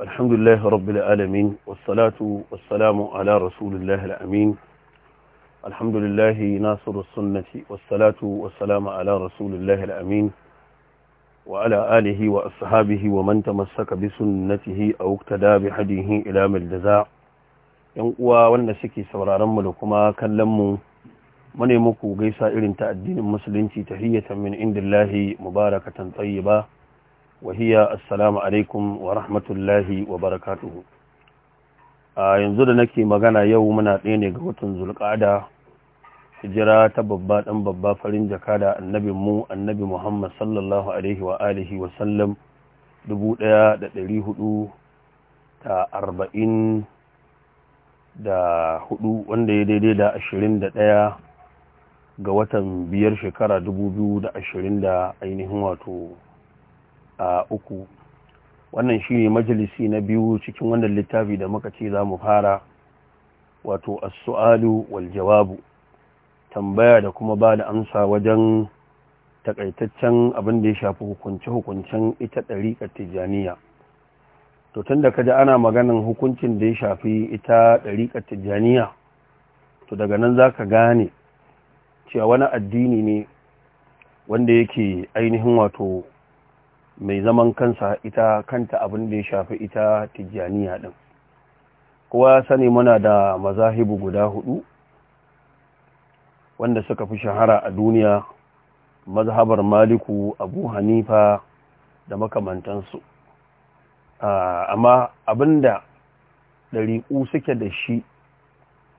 الحمد لله رب العالمين والصلاة والسلام على رسول الله الأمين الحمد لله ناصر السنة والصلاة والسلام على رسول الله الأمين وعلى آله وأصحابه ومن تمسك بسنته أو اقتدى بحديه إلى ملجزاء ينقوى والنسكي رم لكما كلموا من يمكو قيسا إلن تأدين المسلمين تحية من عند الله مباركة طيبة wahiya assalamu alaikum wa rahmatullahi wa barakatuhu a yanzu da nake magana yau muna ɗaya ne ga watan zulƙada hijira ta babba ɗan babba farin jakada annabin mu annabi muhammad sallallahu alaihi wa alihi wa sallam dubu ɗaya da ɗari hudu da arba'in da hudu wanda ya daidai da ashirin da ɗaya ga watan biyar shekara dubu biyu da ashirin da ainihin wato a uku wannan shi ne majalisi na biyu cikin wannan littafi da muka ce za mu fara wato as-su'alu wal jawabu tambaya da kuma ba da amsa wajen takaitaccen abin da ya shafi hukunce-hukuncen ita ɗariƙar tijjaniya to tun da kaji ana maganan hukuncin da ya shafi ita ɗariƙar tijjaniya to daga nan za ka gane cewa wani addini ne wanda yake ainihin wato mai zaman kansa ita kanta abin da ya shafi ita tijjaniya ɗin kowa ya sani muna da mazahibu guda hudu wanda suka fi shahara a duniya mazhabar maliku abu hanifa da makamantansu amma abinda ɗariƙu suke da shi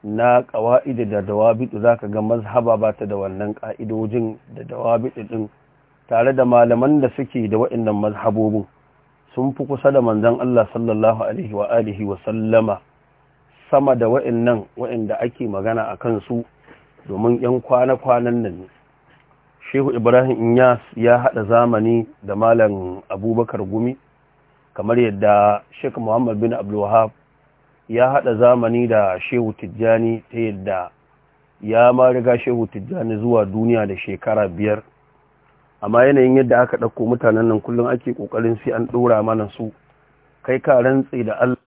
na ƙawa'idu da dawabiɗu za ka ga mazhaba ba ta da wannan ƙa'idojin da dawabiɗu ɗin tare da malaman da suke da waɗannan mazhabobin sun fi kusa da manzon Allah sallallahu alaihi wa alihi wa sallama sama da waɗannan waɗanda ake magana a kansu domin ‘yan kwana-kwanan nan ne. Shehu Ibrahim Inyas ya haɗa zamani da Malam Abubakar Gumi, kamar yadda Sheikh Muhammad bin Abdulwahab ya haɗa zamani da Shehu Tijjani ta yadda ya ma riga Shehu Tijjani zuwa duniya da shekara biyar. amma yanayin yadda aka ɗauko mutanen nan kullum ake ƙoƙarin sai an ɗora mana su kai ka rantsi da Allah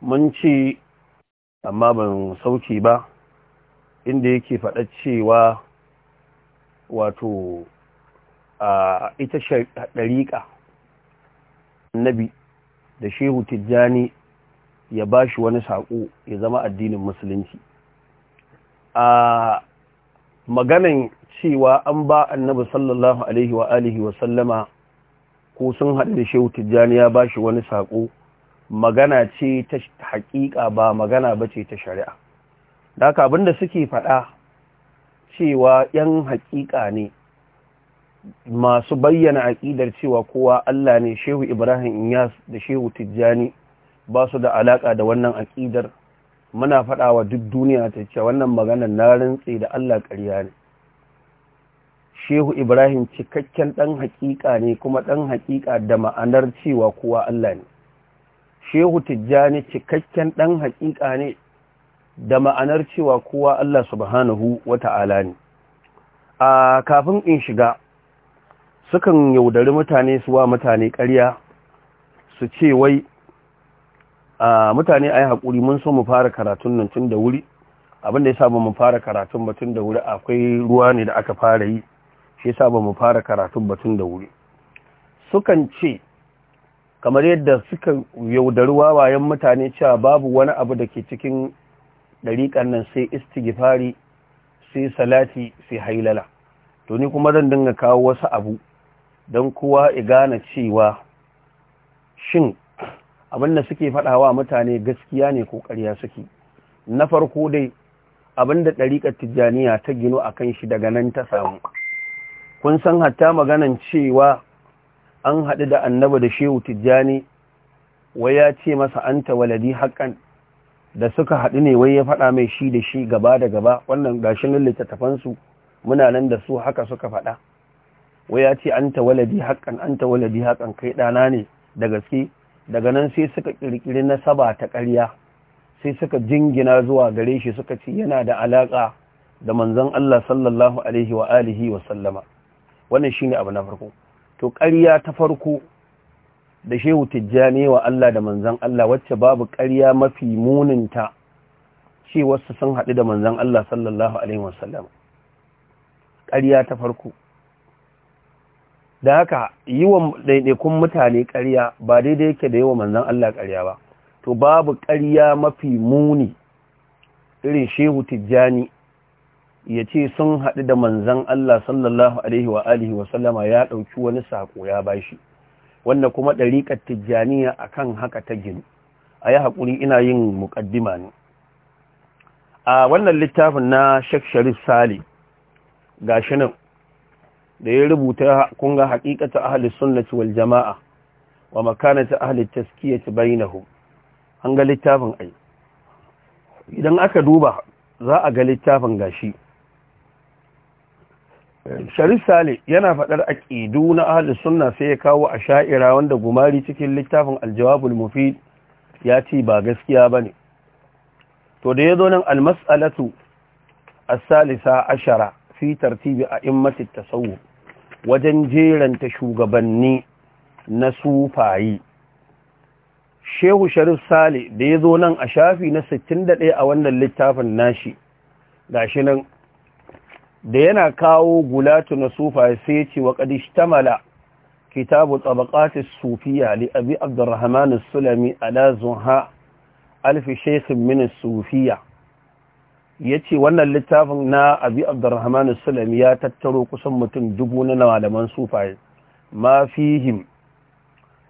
mun ce amma ban sauke ba inda yake faɗa cewa wato a ita ɗariƙa annabi da shehu tijjani ya ba shi wani saƙo ya zama addinin musulunci a maganan cewa an ba annabi sallallahu alaihi wa alihi wa sallama ko sun haɗu da shehu tijjani ya bashi wani saƙo magana ce ta haƙiƙa ba magana ba ce ta shari'a da haka da suke faɗa cewa ‘yan haƙiƙa ne masu bayyana aƙidar cewa kowa Allah ne shehu Ibrahim Iyas da shehu Tijjani ba su da alaƙa da wannan aƙidar muna faɗa wa duk duniya ta ce wannan maganar na rantsi da Allah ƙarya ne shehu ibrahim cikakken ɗan haƙiƙa ne kuma ɗan haƙiƙa da ma'anar cewa kowa Allah ne shehu tijjani cikakken ɗan haƙiƙa ne da ma'anar cewa kowa Allah subhanahu wa ta'ala ne a kafin in shiga sukan yaudari mutane su wa mutane ƙarya su ce wai mutane a yi haƙuri mun so mu fara karatun nan tun da wuri abinda ya saba mu fara karatun batun da wuri akwai ruwa ne da aka fara yi shi ya saba mu fara karatun batun da wuri sukan ce kamar yadda suka yaudari wawayen mutane cewa babu wani abu da ke cikin ɗariƙan nan sai istighfari sai salati sai hailala to ni kuma zan dinga kawo wasu abu don kowa ya gane cewa shin abinda suke faɗawa mutane gaskiya ne ko ƙarya suke na farko dai abinda ɗariƙar tijjaniya ta gino a kan shi daga nan ta samu kun san hatta maganan cewa an haɗu da annaba da shehu tijjani wai ya ce masa an waladi haƙƙan da suka haɗu ne wai ya faɗa mai shi da shi gaba da gaba wannan gashin littattafansu muna nan da su haka suka faɗa wai ya ce an waladi haƙƙan an waladi haƙƙan kai ɗana ne da gaske daga nan sai suka ƙirƙiri nasaba ta ƙarya sai suka jingina zuwa gare shi suka ce yana da alaƙa da manzon Allah sallallahu alaihi wa alihi wa sallama wannan shine abu na farko to ƙarya ta farko da shehu tijjani wa Allah da manzon Allah wacce babu ƙarya mafi muninta ce wasu sun haɗu da manzon Allah sallallahu alaihi wa sallama ƙarya ta farko da haka yi wa ɗaiɗaikun mutane ƙarya ba daidai yake da yi wa manzan Allah ƙarya ba to babu ƙarya mafi muni irin shehu tijjani ya ce sun haɗu da manzan Allah sallallahu alaihi wa alihi wa sallama ya ɗauki wani saƙo ya bashi wanda kuma ɗariƙar tijjaniya akan haka ta gini a yi haƙuri ina yin muƙaddima ne a wannan littafin na Sheikh Sharif Sale shi nan da ya rubuta kunga haƙiƙata ahli sunnati wal jama'a wa makanata ahli taskiyati bainahum an ga littafin ai idan aka duba za a ga littafin gashi sharif sale yana faɗar aƙidu na ahli sunna sai ya kawo a sha'ira wanda gumari cikin littafin aljawabul mufid ya ce ba gaskiya bane to da yazo zo nan almas'alatu as-salisa ashara fi tartibi a tasawwuf wajen jeranta shugabanni na sufayi shehu sharif sale da ya zo nan a shafi na 61 a wannan littafin nashi gashi nan da yana kawo gulatu na sufaye sai ya ce wa mala kitabu tsabakatis sufiya li abi abdurrahman sulami ala zuha alfi shekhin minis sufiya ya ce wannan littafin na abi abdurrahman sulami ya tattaro kusan mutum dubu na malaman sufaye ma fihim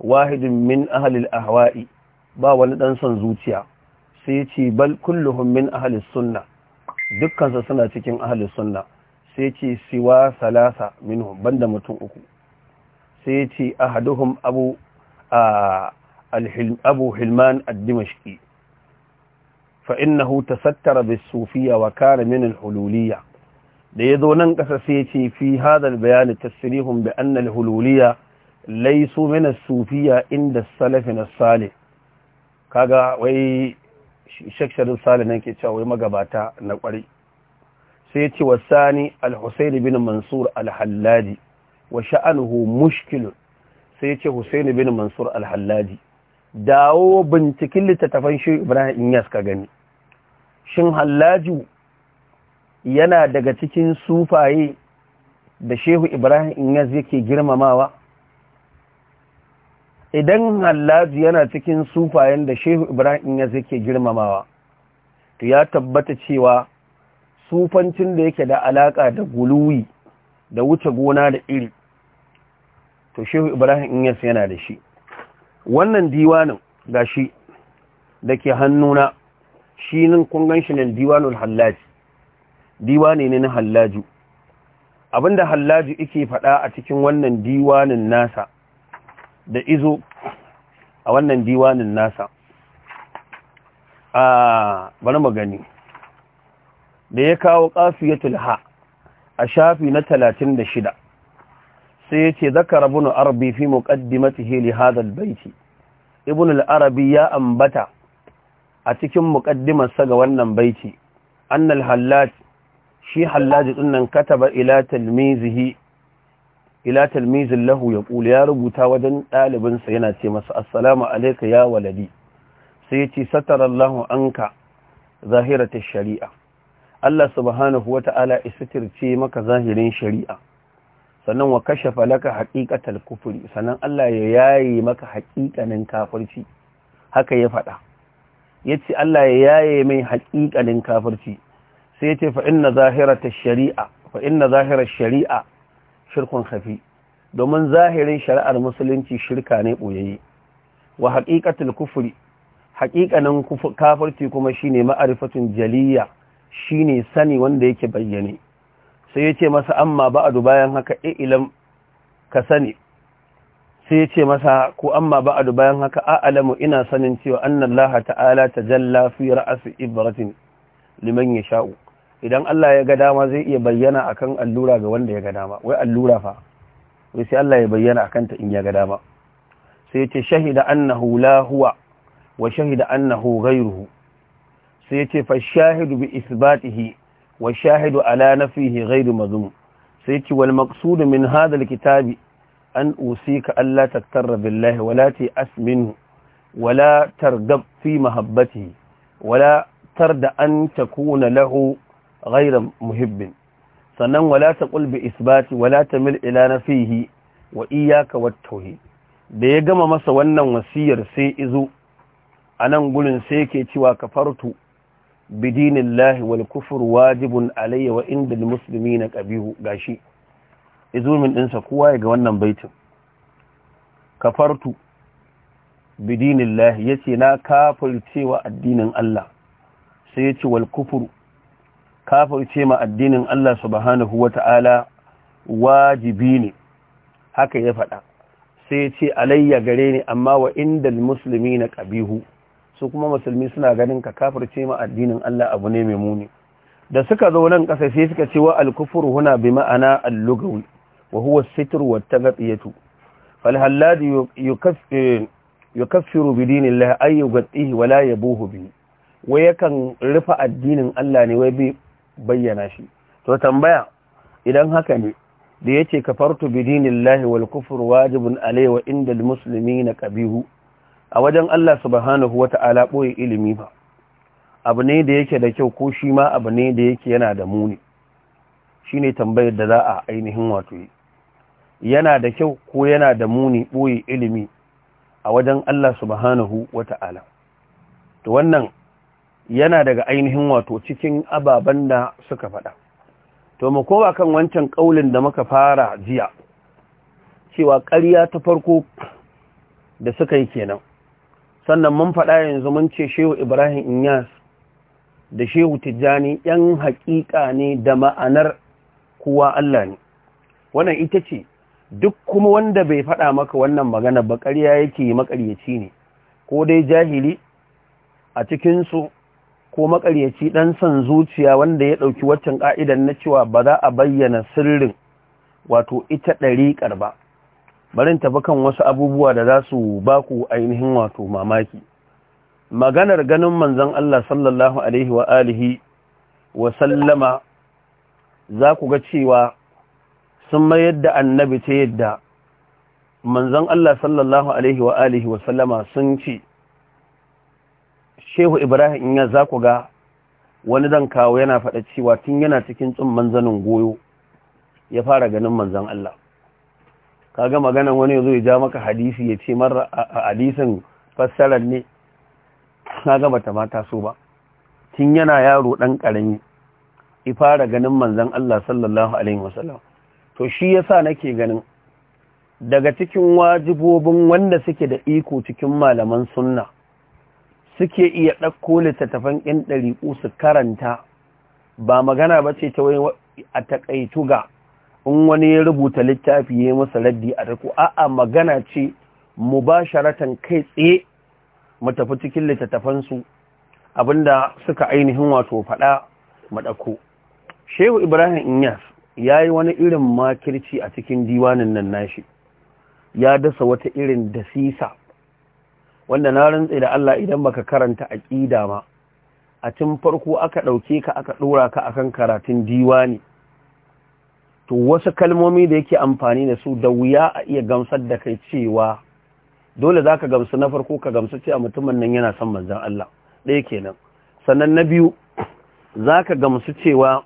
wahidin min ahalil ahwa'i ba wani dan son zuciya sai ya ce bal kulluhum min ahalis sunna dukkansa suna cikin ahalis sunna sai ce siwa salasa minhum banda mutum uku sai ce ahaduhum abu abu hilman ad fa huta فإنه تستر بالصوفية وكان من الهلولية da ya zo nan ƙasa sai ce fi hadal bayani tasirihun bi annal hululiya laisu mina sufiya inda salafin sale kaga wai shakshirin sale nan ke magabata na ƙwari sai ce wa sani al bin mansur al-halladi wa sha'anuhu mushkilun sai ce husaini bin mansur al dawo binciken littattafan shi ibrahim inyas ka gani shin hallaju yana daga cikin sufaye da shehu ibrahim inyas yake girmamawa idan hallaju yana cikin sufayen da shehu ibrahim inyas yake girmamawa to ya tabbata cewa sufancin da yake da alaƙa da guluwi da wuce gona da iri to shehu ibrahim inyas yana da shi wannan diwanin gashi da ke hannuna shi nan kun gan shi nan diwanul hallaji diwani ne na hallaju abinda hallaju ike faɗa a cikin wannan diwanin nasa da izo a wannan diwanin nasa a bari magani da ya kawo ƙafiyatul ha a shafi na talatin da shida sai yace zakara ibn arabi fi muqaddimatihi li hadha albayt ibn al-arabi ya ambata a cikin muqaddimarsa ga wannan baiti annal hallaj shi hallaj dinnan kataba ila talmizihi ila talmizin lahu ya kula ya rubuta wajen ɗalibinsa yana ce masa assalamu alaika ya waladi sai ya ce satarallahu anka zahiratar shari'a Allah subhanahu wa ta'ala isitirce maka zahirin shari'a sannan wa kashe falaka haƙiƙatar kufuri sannan Allah ya yaye maka haƙiƙanin kafirci haka ya faɗa Ya ce Allah ya yaye mai haƙiƙanin kafirci sai yace fa inna zahirata shari'a shari'a shirkun khafi domin zahirin shari'ar musulunci shirka ne boyayye wa haƙiƙatar kufuri, haƙiƙanin kafirci kuma shine ma’arifatun jaliya shine sani wanda yake bayyane sai ya ce masa amma ba'adu bayan haka eh, ilam ka sani sai ce masa ko amma ba'adu bayan haka a'lamu ina sanin cewa annallaha ta'ala tajalla fi ra'si ibratin liman sha'u. idan Allah ya ga dama zai iya bayyana akan allura ga wanda ya ga dama wai allura fa wai sai Allah ya bayyana akan ta in ya ga dama sai ce shahida annahu la huwa wa shahida annahu ghayruhu sai ya ce fa shahidu bi isbatihi wa shahidu ala nafihi ghairu mazum sai ci wal maqsud min hadha kitabi an usika alla taktarra billahi wala ti asminu wala targab fi mahabbatihi wala tarda an takuna lahu ghairu muhibbin sannan wala taqul bi isbati wala tamil ila nafihi wa iyyaka wat tauhid da ya gama masa wannan wasiyar sai izo a nan gurin sai yake cewa fartu. bidinin lahi wal kufur wajibun inda musulmi na kabihu. gashi izumin ɗinsa kowa ya ga wannan baitin kafartu bidinin lahi ya ce na kafircewa addinin Allah sai ya ce wal kufur kafirce ma addinin Allah subhanahu wa ta'ala wajibi ne haka ya faɗa sai ya ce alayya gare ni amma wa inda musulmi na ƙabihu su kuma musulmi suna ganin ka kafirce ma addinin Allah abu ne mai muni da suka zo nan kasa sai suka ce wa al-kufru huna bi ma'ana al lughawi wa huwa as-sitr wa at-taghtiyatu fal hallad yukaffiru bi dinillahi ay yughtihi wa la yabuhu bi wai yakan rufa addinin Allah ne wai bai bayyana shi to tambaya idan haka ne da yace kafartu bi dinillahi wal kufru wajibun alayhi wa al muslimina qabihu a wajen Allah subhanahu wata'ala ɓoye ilimi ba abu ne da yake da kyau ko shi ma abu ne da yake yana da muni shine tambayar da za a ainihin wato yi yana da kyau ko yana da muni ɓoye ilimi a wajen Allah subhanahu ala, to wannan yana daga ainihin wato cikin ababen da suka faɗa to mu kowa kan wancan ƙaulin da muka fara jiya cewa ƙarya ta farko da suka yi kenan sannan mun faɗa yanzu mun ce shehu ibrahim inyas da shehu tijjani yan haƙiƙa ne da ma'anar kowa allah ne wannan ita ce duk kuma wanda bai faɗa maka wannan magana ba ƙarya yake maƙaryaci ne ko dai jahili a cikinsu ko maƙaryaci ɗan son zuciya wanda ya ɗauki waccan ƙa'idan na cewa ba za a bayyana sirrin wato ita ɗariƙar ba barin tafi kan wasu abubuwa da za su ba ku ainihin wato mamaki maganar ganin Manzan Allah sallallahu alaihi wa alihi wa sallama za ku ga cewa sun mayar da annabi ta yadda Manzan Allah sallallahu alaihi wa alihi wa sallama sun ce Shehu Ibrahim ya za ku ga wani dan kawo yana faɗa cewa tun yana cikin tsun manzanin goyo ya fara ganin Manzan Allah ka ga maganan wani zo ya ja maka hadisi ya ce a hadisin fassarar ne kaga bata mata so ba tun yana yaro dan karami i fara ganin manzon Allah sallallahu alaihi wasallam to shi yasa nake ganin daga cikin wajibobin wanda suke da iko cikin malaman sunna suke iya ɗauko littattafan ɗin ɗariƙu su karanta ba magana ba ce ta wani a takaituga. in wani ya rubuta littafi ya masa raddi a rako a'a magana ce mu ba sharatan kai tsaye mu tafi cikin littattafansu abinda suka ainihin wato faɗa maɗako shehu ibrahim inyas ya yi wani irin makirci a cikin diwanin nan nashi ya dasa wata irin dasisa wanda na rantse da Allah idan baka karanta aƙida ma a tun farko aka ɗauke ka aka ɗora ka akan karatun diwani to wasu kalmomi da yake amfani da su da wuya a iya gamsar da kai cewa dole za ka gamsu na farko ka gamsu cewa mutumin nan yana son manzan Allah ɗaya kenan sannan na biyu za ka gamsu cewa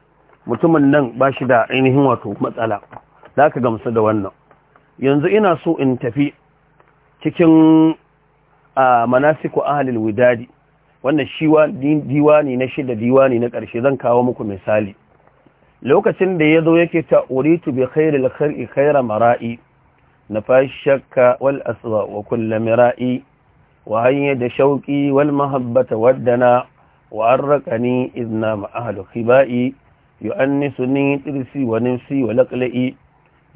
mutumin nan ba shi da ainihin wato matsala za ka gamsu da wannan yanzu ina so in tafi cikin a manasiku ahalil widadi wannan diwa diwani na shida diwani na ƙarshe zan kawo muku misali lokacin da ya zo yake ta uritu bi khairil khar'i khaira mara'i nafashakka wal aswa wa kullu mara'i wa hayya da shauqi wal mahabbata waddana wa arqani idna ma ahlu khiba'i yu'annisuni tirsi wa nafsi wa laqla'i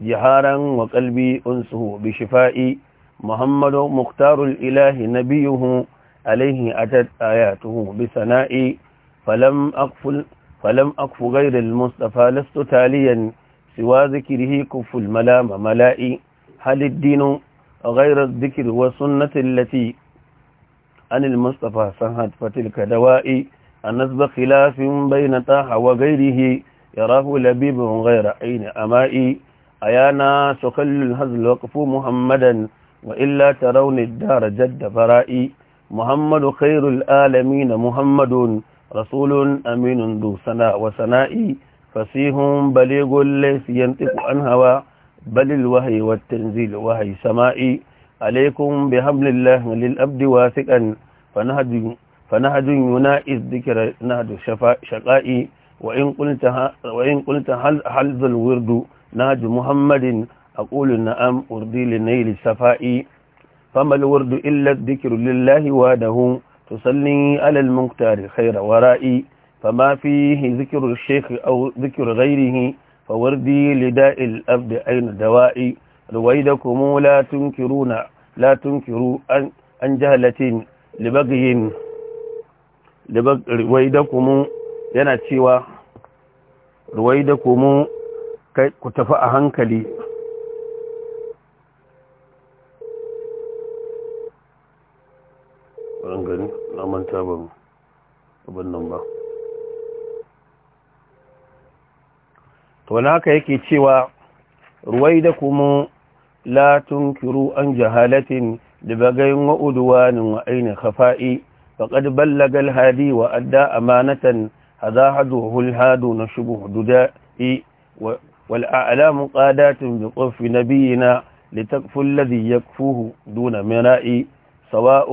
jiharan wa qalbi unsuhu bi shifa'i muhammadu mukhtarul ilahi nabiyuhu alayhi atat ayatuhu bi sana'i falam aqful فلم أكف غير المصطفى لست تاليا سوى ذكره كف الملام ملائي هل الدين غير الذكر والسنة التي عن المصطفى صهد فتلك دوائي النسب خلاف بين طه وغيره يراه لبيب غير عين أمائي أيانا سخل الهزل وقف محمدا وإلا ترون الدار جد فرائي محمد خير العالمين محمد رسول أمين ذو سناء وسنائي فسيهم بليغ ليس ينطق عن هوى بل الوهي والتنزيل وهي سمائي عليكم بحبل الله للأبد واثقا فنهج فنهج ينائز ذكر نهج شقائي وإن قلت وإن قلت هل حلز الورد نهج محمد أقول نعم أردي لنيل السفائي فما الورد إلا الذكر لله وحده تصلي على muktari خير ورائي فما فيه ذكر الشيخ أو ذكر غيره فوردي لداء الأبد أين دوائي رويدكم لا تنكرون لا تنكروا أن جهلة لبغي رويدكم yana رويدكم كتفاء هنكلي Thank you. manta ban abin nan ba to naka yake cewa ruwaida kuma la tunkiru an jahalatin da bagayin wa'uduwanin wa ainihin khafa'i فقد بلغ الهادي وأدى أمانة هذا حده الهاد نشبه ددائي والأعلام قادات بطف نبينا لتكفو الذي يكفوه دون مرائي سواء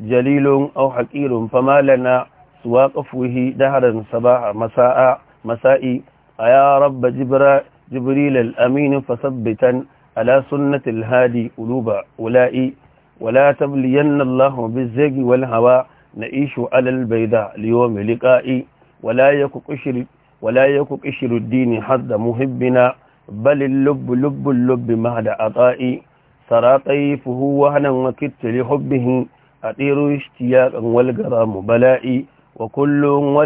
جليل أو حقير فما لنا سواقفه دهرا صباح مساء مسائي أيا رب جبر جبريل الأمين فثبتا على سنة الهادي قلوب أولئي ولا تبلين الله بالزيج والهوى نعيش على البيداء ليوم لقائي ولا يكك إشر ولا يكك إشر الدين حد مهبنا بل اللب لب اللب مهد عطائي سرى طيفه وهنا وكت لحبه أطير اشتياقا والغرام بلائي وكل هو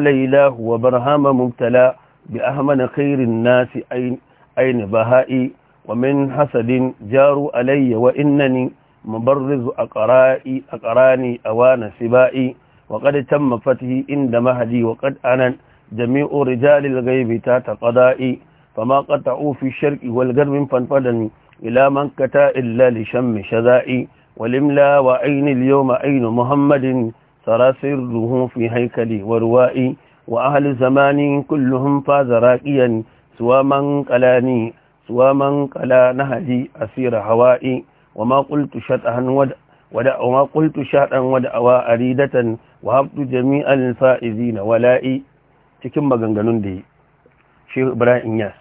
وبرهام مبتلى بأهمن خير الناس أين, أين بهائي ومن حسد جاروا علي وإنني مبرز أقرائي أقراني أوان سبائي وقد تم فتحي عند مهدي وقد أنا جميع رجال الغيب تات قضائي فما قطعوا في الشرك والغرب فانفدني إلى من كتا إلا لشم شذائي ولملا وعين اليوم عين محمد سراسره في هيكلي وروائي وأهل زماني كلهم فاز راقيا سوى من قلاني سوى من قلا نهدي أسير هوائي وما قلت شطئا ود ودع وما قلت شطئا ودعوا أريدة وهبت جميع الفائزين ولائي cikin maganganun da yi shi Ibrahim Yas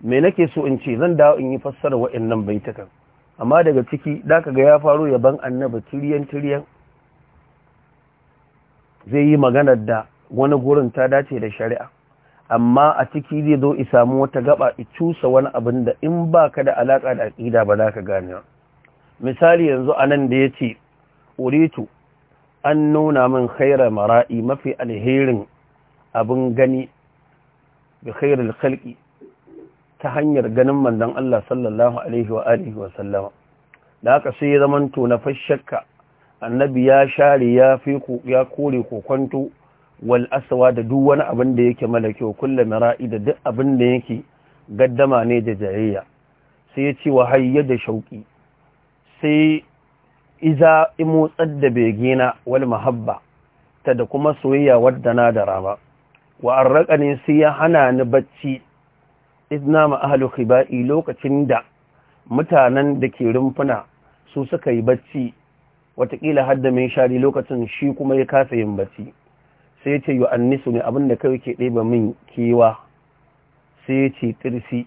me nake so in ce zan dawo in yi fassara wa'annan baitukan amma daga ciki da ka ga ya faru yaban annaba tiriyan tiriyan zai yi magana da wani gurin ta dace da shari'a amma a ciki zai zo i samu wata gaba i cusa wani abin da in ba ka da alaƙa da aƙida ba za ka gane misali yanzu a nan da ya ce uritu an nuna min khairar mara'i mafi alherin abin gani bi khairul khalqi ta hanyar ganin manzan Allah sallallahu alaihi wa wa sallama da haka sai zaman to na fashakka annabi ya share ya fi ya kore kokonto wal asawa da duk wani abin da yake malaki wa kulle mara'i da duk abin da yake gaddama ne da jayayya sai ya ce wa hayya da shauƙi sai iza imotsar da begena wal mahabba ta da kuma soyayya wadda na da rama wa ne sai ya hana ni bacci izna ahalu ahlu khiba'i lokacin da mutanen da ke rumfuna su suka yi bacci watakila hadda mai shari lokacin shi kuma ya kasa yin bacci sai ce yi annisu ne abinda kawai ke ɗeba min kewa sai ya ce tirsi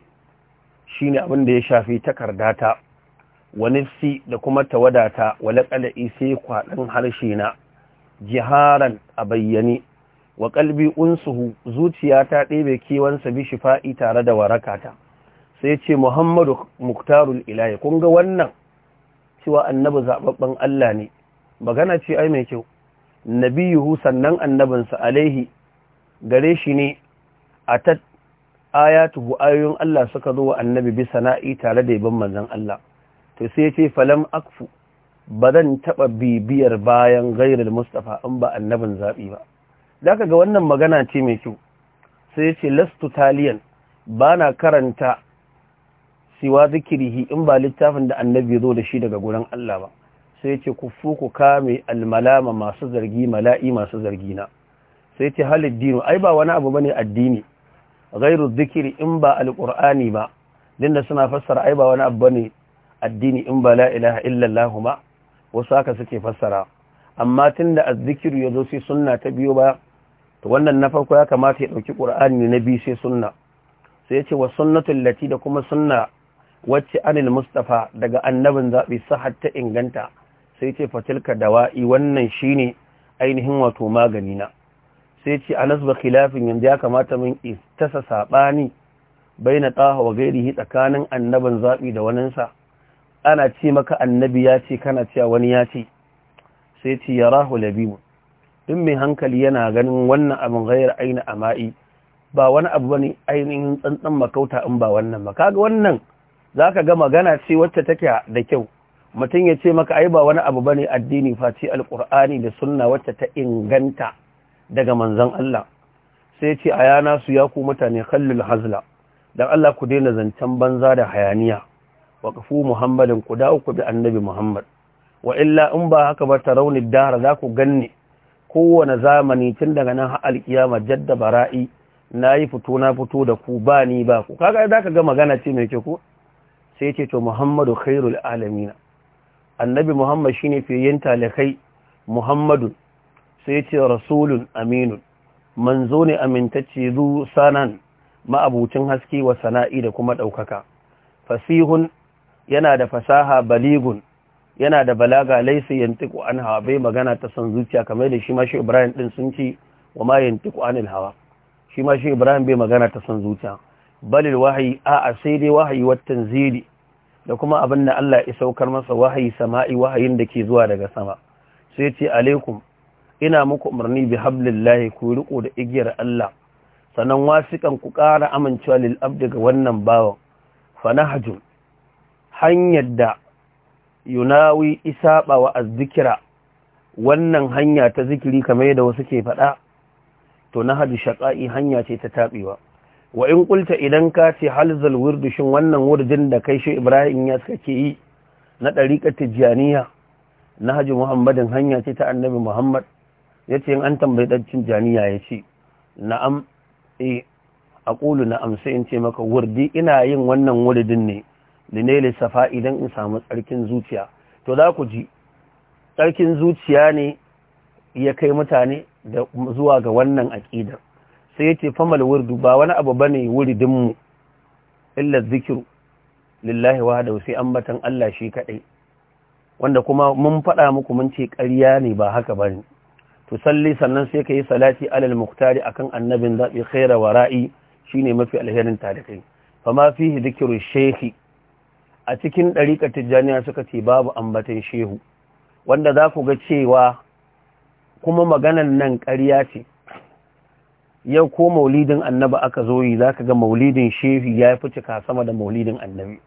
shi ne abinda ya shafi takardata wani si da kuma tawadata walaƙala'i sai kwaɗin harshe na jiharan a bayyane wa kalbi unsuhu zuciya ta ɗebe kewansa bi shifa'i tare da warakata sai ce muhammadu muktarul ilahi kun ga wannan cewa annabi zababben Allah ne magana ce ai mai kyau nabiyuhu sannan annabinsa alaihi gare shi ne a ta ayatuhu ayoyin Allah suka zo wa annabi bi sana'i tare da yabon manzon Allah to sai ce falam akfu ba zan taɓa bibiyar bayan gairar Mustapha in ba annabin zaɓi ba da aka ga wannan magana ce mai kyau sai ce lastu taliyan ba na karanta siwa zikirihi in ba littafin da annabi ya zo da shi daga gurin Allah ba sai ce ku fu ku kame almalama masu zargi mala'i masu zargi na sai ce haliddinu ai ba wani abu bane addini gairu zikiri in ba alkur'ani ba dinda suna fassara ai ba wani abu bane addini in ba la ilaha illallah ma wasu haka suke fassara amma tunda azzikiru yazo sai sunna ta biyo ba to wannan na farko ya kamata ya dauki qur'ani na biyu sai sunna sai yace wa sunnatul lati da kuma sunna wacce anil mustafa daga annabin zabi sahat ta inganta sai yace fatilka dawa'i wannan shine ainihin wato magani na sai yace anas ba khilafin yanzu ya kamata mun istasa sabani na taha wa gairihi tsakanin annabin zabi da waninsa ana ce maka annabi ya ce kana cewa wani ya ce sai ce ya rahu labibu duk mai hankali yana ganin wannan abin gairar aini ama'i ba wani abu bane ainihin tsantsan makauta in ba wannan ba kaga wannan zaka ga magana ce wacce take da kyau mutum ya ce maka ai ba wani abu bane addini face alqur'ani da sunna wacce ta inganta daga manzon Allah sai ce a yana su ya ku mutane kallul hazla Dan Allah ku daina zancen banza da hayaniya wa kafu muhammadin ku dawo ku bi annabi muhammad wa illa in ba haka ba ta raunin dara za ku ganni kowane zamani tun daga nan har alkiyama jadda bara'i na yi fito na fito da ku ba ni ba ku kaga za ka ga magana ce mai ku sai ce to muhammadu khairul alamina annabi muhammad shine yin talakai muhammadu sai ce rasulun aminun manzo ne amintacce zu sanan ma'abucin haske wa sana'i da kuma ɗaukaka fasihun yana da fasaha baligun yana da balaga laisa yantiku an hawa bai magana ta san zuciya kamar da shi ma shi Ibrahim din sun ce wa ma yantiqu anil hawa shi ma shi Ibrahim bai magana ta san zuciya balil wahayi a a sai dai wahayi wa tanzili da kuma abin da Allah ya saukar masa wahayi sama'i wahayin da ke zuwa daga sama sai ce alaikum ina muku umarni bi hablillahi ku riko da igiyar Allah sannan wasikan ku kara amincewa lil abdi ga wannan bawan fanahajun hanyar da yunawi isaba wa azzikira wannan hanya ta zikiri kamar yadda wasu ke faɗa to na hadu shaƙa'i hanya ce ta taɓewa wa in ƙulta idan ka ce halzal wurdushin wannan wurdin da kai shi ibrahim ya suka ke yi na ɗariƙar tijjaniya na haji muhammadin hanya ce ta annabi muhammad ya ce an tambayi ɗancin janiya ya ce na'am eh, a ƙulu na'am sai in ce maka wurdi ina yin wannan wurdin ne linaili safa idan in samu tsarkin zuciya to za ku ji tsarkin zuciya ne ya kai mutane da zuwa ga wannan aƙidar sai yace famal wurdu ba wani abu bane wuridin mu illa zikiru lillahi wahdahu sai ambatan Allah shi kadai wanda kuma mun faɗa muku mun ce ƙarya ne ba haka bane to salli sannan sai yi salati alal muqtari akan annabin zabi khaira wara'i shine mafi alherin tarihi fama fihi dhikru shehi. a cikin ɗariƙar tijjaniya suka ce babu ambatan shehu wanda za ku ga cewa kuma maganan nan ƙarya ce yau ko maulidin annaba aka zo yi za ka ga maulidin shehu ya fi cika sama da maulidin annabi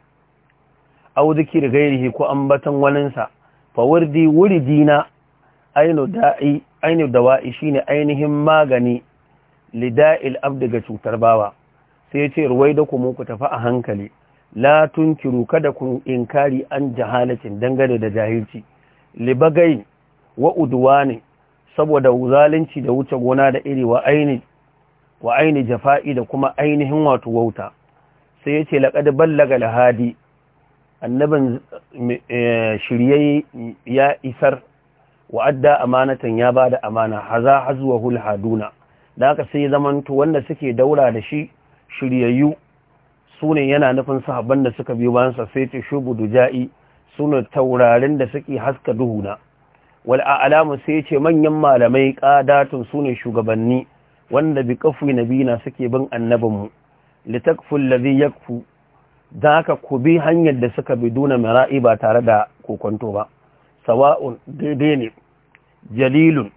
au zikir gairihi ko ambatan waninsa fa wuri wuridina ainu da'i ainu dawa'i shine ainihin magani lida'il abdu ga cutar bawa sai ya ce ruwai da mu ku tafi a hankali la tunkiru kada ku inkari an jahalacin dangane da jahilci libagai wa udwani saboda zalunci da wuce gona da iri wa aini wa aini jafa'i da kuma ainihin wato wauta sai yace laqad ballaga lahadi annaban eh, shiryai ya isar wa adda amanatan ya bada amana haza hazuwa hul haduna da haka sai zamanto wanda suke daura da shi shiryayyu ne yana nufin sahabban da suka biyo bayan sa sai ce shubudu ja'i ne taurarin da suke haska na wal a'lamu sai ce manyan malamai qadatun sune shugabanni wanda bi biyu nabina suke bin annabinmu litakfu alladhi yakfu da haka ku bi hanyar da suka bi duna mara'i ba tare da kokonto ba sawa'un daidai ne jalilun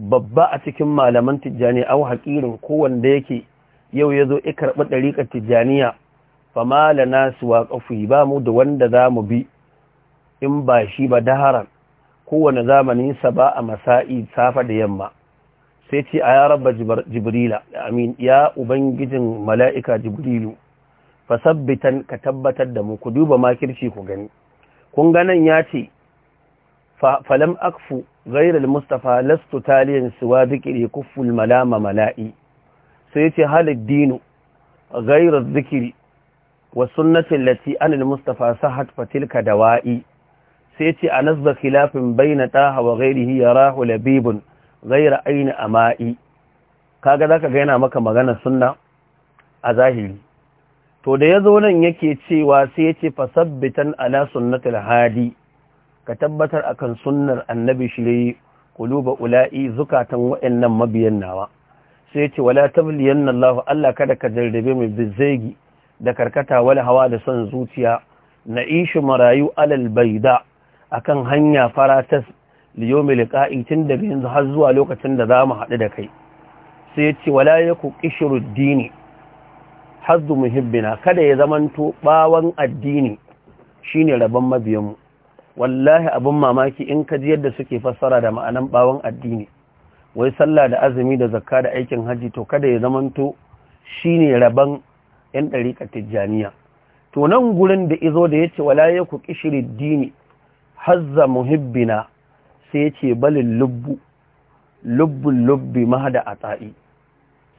babba a cikin malaman tijjani au haƙirin kowanda yake yau ya zo karɓi ɗariƙar tijjaniya fama nasu wa kafi ba mu da wanda za mu bi in ba shi ba daharan kowane zamanin sa ba a masa'i safa da yamma sai ce a ya jibrila amin ya ubangijin mala'ika jibrilu fasabbitan ka tabbatar da mu ku duba ma makirci ku gani kun ganin ya ce falam akfu gairar mustapha lastu taliyan suwa zikiri kufful malama mala'i sai ce halid dino gairar zikiri wa sunnatin lati anil mustapha sahat fatilka dawa'i sai ce a nasba khilafin baina taha wa ghairihi yarahu labibun ghaira aini ama'i kaga zaka ga yana maka magana sunna a zahiri to da yazo nan yake cewa sai yace fasabbitan ala sunnatil hadi ka tabbatar akan sunnar annabi shiri kuluba ula'i zukatan wa'annan mabiyan nawa sai yace wala tabliyanna Allah Allah kada ka jarrabe mai bizegi da karkata wal hawa da son zuciya na ishi marayu alal baida akan hanya faratas liyomi liqa'i tun daga yanzu har zuwa lokacin da za mu haɗu da kai sai ya ce wala yaku dini hadu muhibbina kada ya zamanto bawan addini shine rabon mabiyanmu wallahi abin mamaki in ka ji yadda suke fassara da ma'anan bawan addini wai sallah da azumi da zakka da aikin haji to kada ya zamanto shine rabon yan ɗariƙar tijjaniya to nan gurin da izo da ya ce wala ya ku kishiri dini hazza muhibbina sai ya ce balin lubbu lubbun lubbi mahada a tsa’i,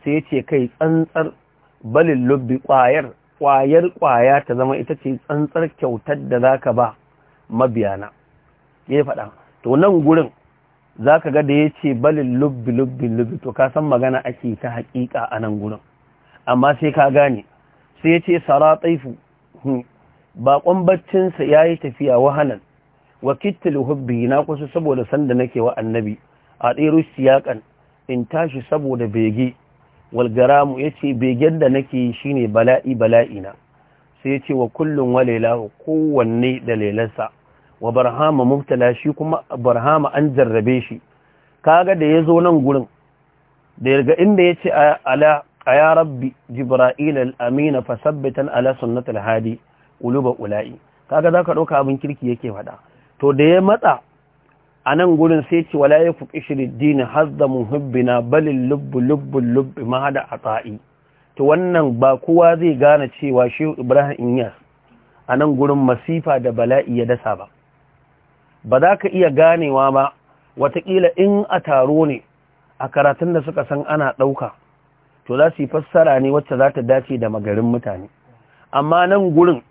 sai ya ce kai tsantsar balin lubbi ƙwayar ƙwayar ƙwaya ta zama ita ce tsantsar kyautar da za ka ba mabiyana ya faɗa to nan gurin za ka ga da ya ce balin lubbi lubbi lubbi to ka san magana ake ta haƙiƙa a nan gurin amma sai ka gane sai ya ce sara tsaifu hmm. baƙon baccinsa ya yi tafiya wahanan wa kittil hubbi na kusa saboda sanda nake wa annabi a ɗero siyakan in tashi saboda bege walgaramu ya ce begen da nake shi ne bala'i bala'ina sai ya ce wa kullum wa lailahu kowanne da lelarsa wa barhama mubtala shi kuma barhama an jarrabe shi kaga da ya zo nan gurin da yarga inda ya ce ala a rabbi الامين فثبت fasabbitan ala الهادي قلوب uluba kaga zaka dauka abin kirki yake fada to da ya matsa anan gurin sai ce wala ya fuki din na muhibbina bal lubb lubb lubb ma a ata'i to wannan ba kowa zai gane cewa shehu ibrahim inyas anan gurin masifa da bala'i ya dasa ba ba za ka iya ganewa ba watakila in a taro ne a karatun da suka san ana ɗauka to za su yi fassara ne wacce za ta dace da magarin mutane amma nan gurin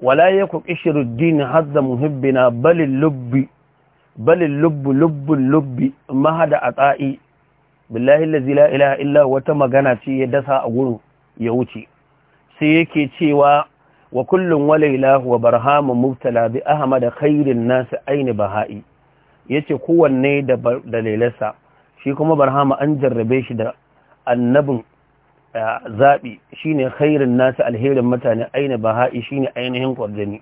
wala ya ku ƙishiruddin hadda muhibbina balin lubbi balin lubbun lubbi mahada a tsa'i billahi lazi illa wata magana ce ya dasa a gurin ya wuce sai yake cewa wa kullum walailahu wa barhamun mubtala bi ahmad khairin nasu aini baha'i yace kowanne da dalilansa shi kuma barhama an jarrabe shi da annabin zaɓi shi shine khairun nasu alherin mutane aina baha'i ne ainihin ƙwarjani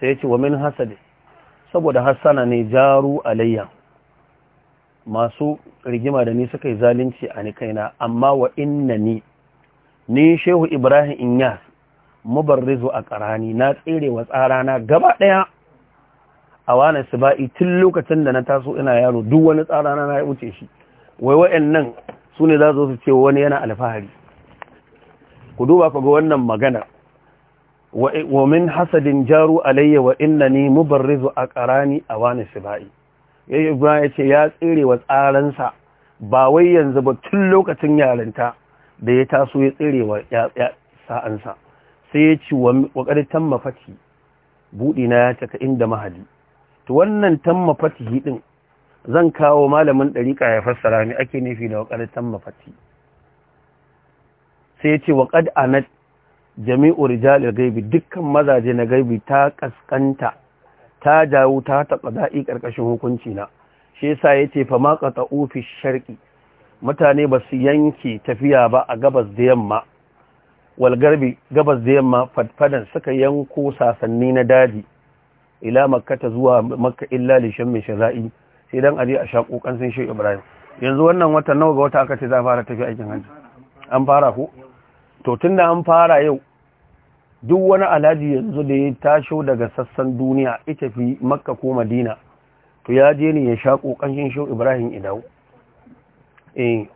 sai ce wa min hasadi saboda hassana ne jaru alayya masu rigima da ni suka yi zalunci a ni kaina amma wa inna ni ni shehu ibrahim inyas mubarrizu a karani na tsere wa tsarana gaba ɗaya a wani ba'i tun lokacin da na taso ina yaro duk wani tsarana na ya wuce shi wai wa'annan su ne za su ce wani yana alfahari ku duba ku ga wannan magana wa min hasadin jaru alayya wa innani mubarrizu aqrani awani sibai yayi ibrahim yace ya tsire wa tsaransa ba wai yanzu ba tun lokacin yarinta da ya taso ya tsire wa sa'ansa sai ya ci wa tamma fati budi na ya taka inda mahali. to wannan tamma fati din zan kawo malamin dariqa ya fassara ni ake nufi da wa tamma fati sai ya ce wa a na jami'u rijalil gaibi dukkan mazaje na gaibi ta kaskanta ta jawo ta taɓa za'i ƙarƙashin hukunci na shi yasa ce fa ma qata'u ofis sharqi mutane ba su yanke tafiya ba a gabas da yamma wal garbi gabas da yamma fadfadan suka yanko sasanni na daji ila makka ta zuwa makka illa li shammi shaza'i sai dan aje a shaƙo kan sun shi ibrahim yanzu wannan wata nawa ga wata aka ce za a fara tafiya aikin hajji an fara ko to tun da an fara yau duk wani alhaji yanzu da ya tasho daga sassan duniya ita fi makka ko madina to ya je ne ya sha ƙoƙanshin shau ibrahim idawo eh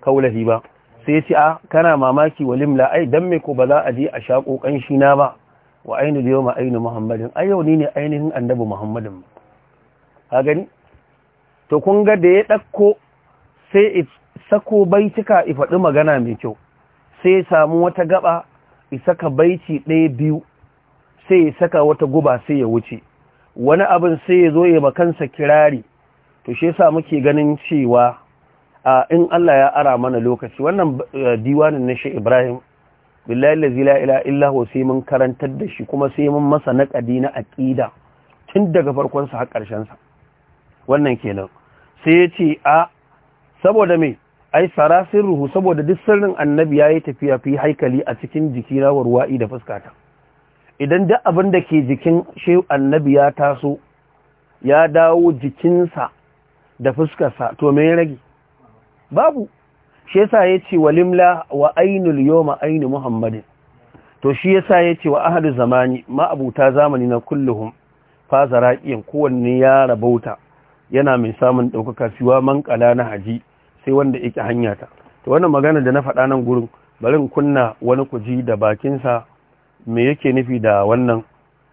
kawulahi ba sai ya ce a ah, kana mamaki walim la ai me ko ba za a je a sha ƙoƙanshi na ba wa ainihin da yau ma ainihin muhammadin ai yau ni ne ainihin annabi muhammadin a gani to kun ga da ya ɗakko sai sako cika ifaɗi magana mai kyau sai ya samu wata gaba isaka baici ɗaya biyu sai ya saka wata guba sai ya wuce wani abin sai ya zo ya makansa kirari to shi yasa muke ganin cewa a in Allah ya ara mana lokaci wannan eh, diwanin na shi Ibrahim billahi allazi la ilaha illa huwa sai mun karantar da shi kuma sai mun masa naqadi na aqida tun daga farkon sa har karshen sa wannan kenan sai ya ce a saboda me ai sarasin ruhu saboda duk sirrin annabi ya yi tafiya fi haikali a cikin na warwa'i da fuskata idan duk abin da ke jikin shi annabi ya taso ya dawo jikinsa da fuskarsa to me rage babu shi yasa yace walimla wa ainul yawma ainu muhammadin to shi yasa yace wa ahadu zamani ma abuta zamani na kulluhum fa zaraqiyan kowanne ya rabauta yana mai samun daukaka siwa man na haji sai wanda yake hanya ta to wannan magana da na faɗa nan gurin barin kunna wani kuji da bakinsa me yake nufi da wannan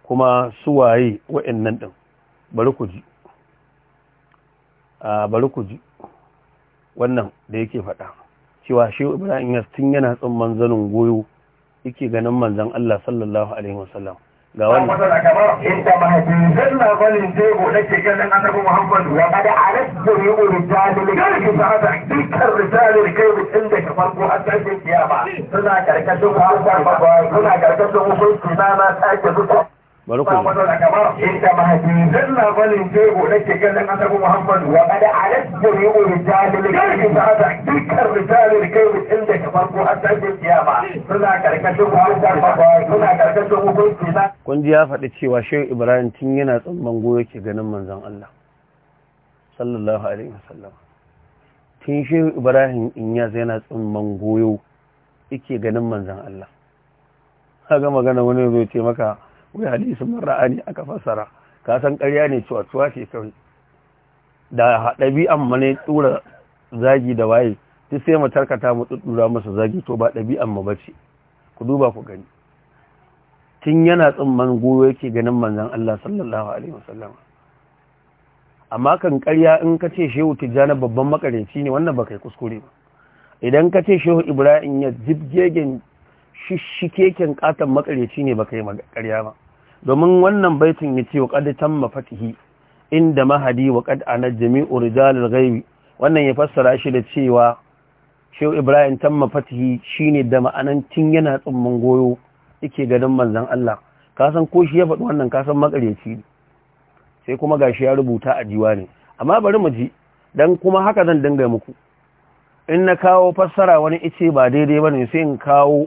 kuma suwaye wa'annan din bari ku a bari ku ji wannan da yake faɗa cewa shi Ibrahim Yas tun yana tsin manzanin goyo yake ganin manzan Allah sallallahu alaihi wasallam ga wannan inda mahaifin na balin jego na shekarun annabi muhammadu wa kada alas jami'u rijali da kai fata dukkan rijali da kai mutum da ka farko har tashin kiyama suna karkashin hukunci suna karkashin hukunci na na sake zuwa bari ku ba da gaba inda mahaifin labarin jego nake ganin annabi muhammad wa kada alasbu yu rijalul kai da dukkan rijalul kai mutum da ka farko har sai da kiyama suna karkashin hukuncin suna karkashin hukunci na kun ji ya faɗi cewa shehu ibrahim tun yana tsamman goyo ke ganin manzon allah sallallahu alaihi wasallam tun shehu ibrahim in ya yana tsamman goyo yake ganin manzon allah kaga magana wani zai ce maka wai hadisi mar'a a aka fassara ka san ƙarya ne cewa Cuwa ce kawai da ɗabi'an mu ne tura zagi da waye duk sai mu tarkata mu tuddura masa zagi to ba ɗabi'an ma bace ku duba ku gani tun yana tsumman goyo yake ganin manzon Allah sallallahu alaihi wasallam amma kan ƙarya in ka ce shehu tijjani babban makarici ne wannan ba kai kuskure ba idan ka ce shehu ibrahim ya jibgegen shishikeken katon makarici ne ba kai ƙarya ba domin wannan baitin ya ce wa qad can mafatihi inda mahadi wa qad ana jami'u urijalar ghaibi wannan ya fassara shi da cewa Shehu Ibrahim tamma shi ne da ma'anan tun yana tsumman goyo yake ganin manzan Allah kasan ko shi ya faɗi wannan kasan makaryaci sai kuma ga shi ya rubuta a jiwa ne amma bari mu ji dan kuma haka zan dinga muku in na kawo fassara wani ice ba daidai ba ne sai in kawo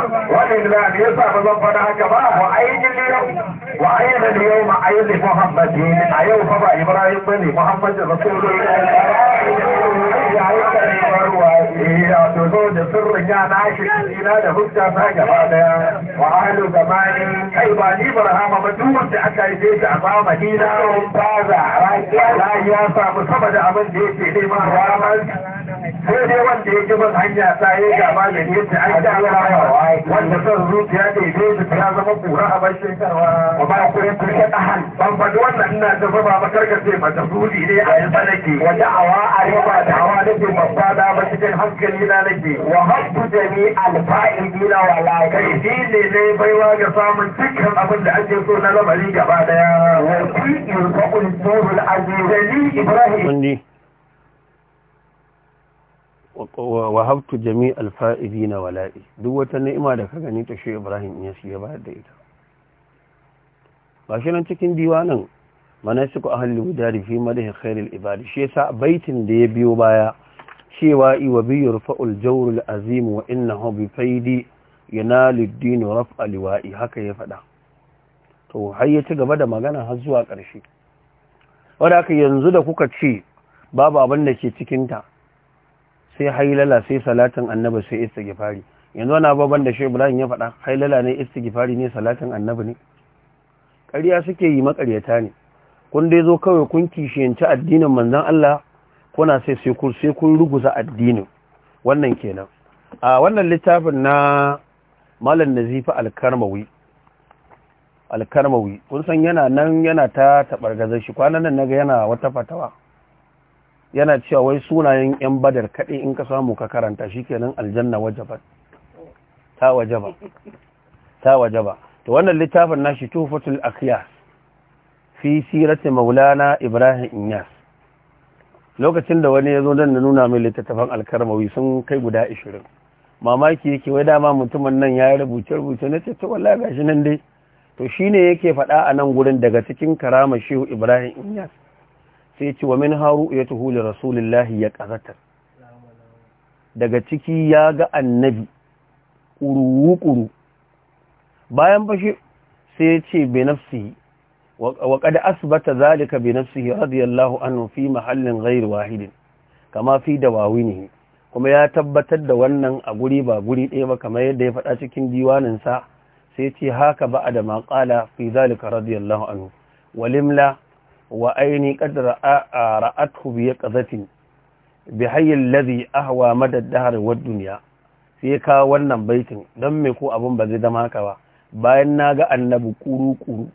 ولله يسعى ربنا هكذا وعين اليوم وعين اليوم عين محمد عين بابا ابراهيم بن محمد رسول الله يا تزوج سر يا ناشد الى ده حجة فاجة بعدها وأهل زماني أيضا إبراهام مدود أكايديك أمام دينا ومتازع لا يا صاحب صمد أمن ديك إلي من رامك sai dai wanda ya ji ban hanya ta yi gaba da yadda an da wanda son zuciya da ya su ta zama kura a bar shekarwa ba ba kurin turke ta hal ban faɗi wannan ina da zama ba karka ce zuri ne a yanzu nake wata awa a riba da hawa nake babba da ba cikin hankali na nake wa habbu jami alfa'idina wa la kai shi ne baiwa ga samun dukkan abin da ake so na lamari gaba daya wa kulli fa'ul nurul aziz ali ibrahim wa habtu jami alfa’izi na wala'i duk wata ni'ima da ka gani ta shi ibrahim ya shi ya bayar da ita ba shi nan cikin diwanin manasiku ahalli wudari fi madahi khairul ibadi shi sa baitin da ya biyo baya cewa iwa biyu rufa jawrul azim wa innahu hobi faidi yanalu ad-din raf'a liwa'i haka ya fada to har ya ci gaba da magana har zuwa ƙarshe wadda aka yanzu da kuka ce babu abin da ke cikinta. sai hailala sai salatin annabi sai istighfari yanzu wani ababen da shi ibrahim ya faɗa hailala ne istighfari ne salatin annabi ne ƙarya suke yi makaryata ne kun dai zo kawai kun kishiyanci addinin manzon Allah kuna sai sai kun sai kun ruguza addinin wannan kenan a wannan littafin na malam nazifa al-karmawi al-karmawi kun san yana nan yana ta tabargazar shi kwanan nan naga yana wata fatawa yana cewa wai sunayen yan badar kaɗai in ka samu ka karanta shikenan aljanna wajaba ta wajaba ta to wannan littafin nashi tufatul akiyas fi sirati maulana ibrahim inyas lokacin da wani ya zo don nuna mai littattafan alkarmawi sun kai guda 20 mamaki yake wai dama mutumin nan ya rubuce rubuce na ce to lagashi nan dai to shi ne yake faɗa a nan gurin daga cikin karama shehu ibrahim inyas sai ce wa min haru ya tuhu li rasulillahi ya ƙazatar daga ciki ya ga annabi ƙuruwu-ƙuru bayan bashi sai ce bai wa ƙada asbata zalika bi nafsihi radiyallahu anhu fi mahallin ghayr wahidin kama fi ne kuma ya tabbatar da wannan a guri ba guri ɗaya ba kamar yadda ya faɗa cikin diwaninsa sai ce haka ba da maƙala fi zalika radiyallahu anhu walimla wa aini qad ra'athu bi yaqzatin bi hayyil ladhi ahwa madad dahar wad duniya sai ka wannan baitin don me ko abun ba zai zama haka ba bayan na ga annabi kuru kuru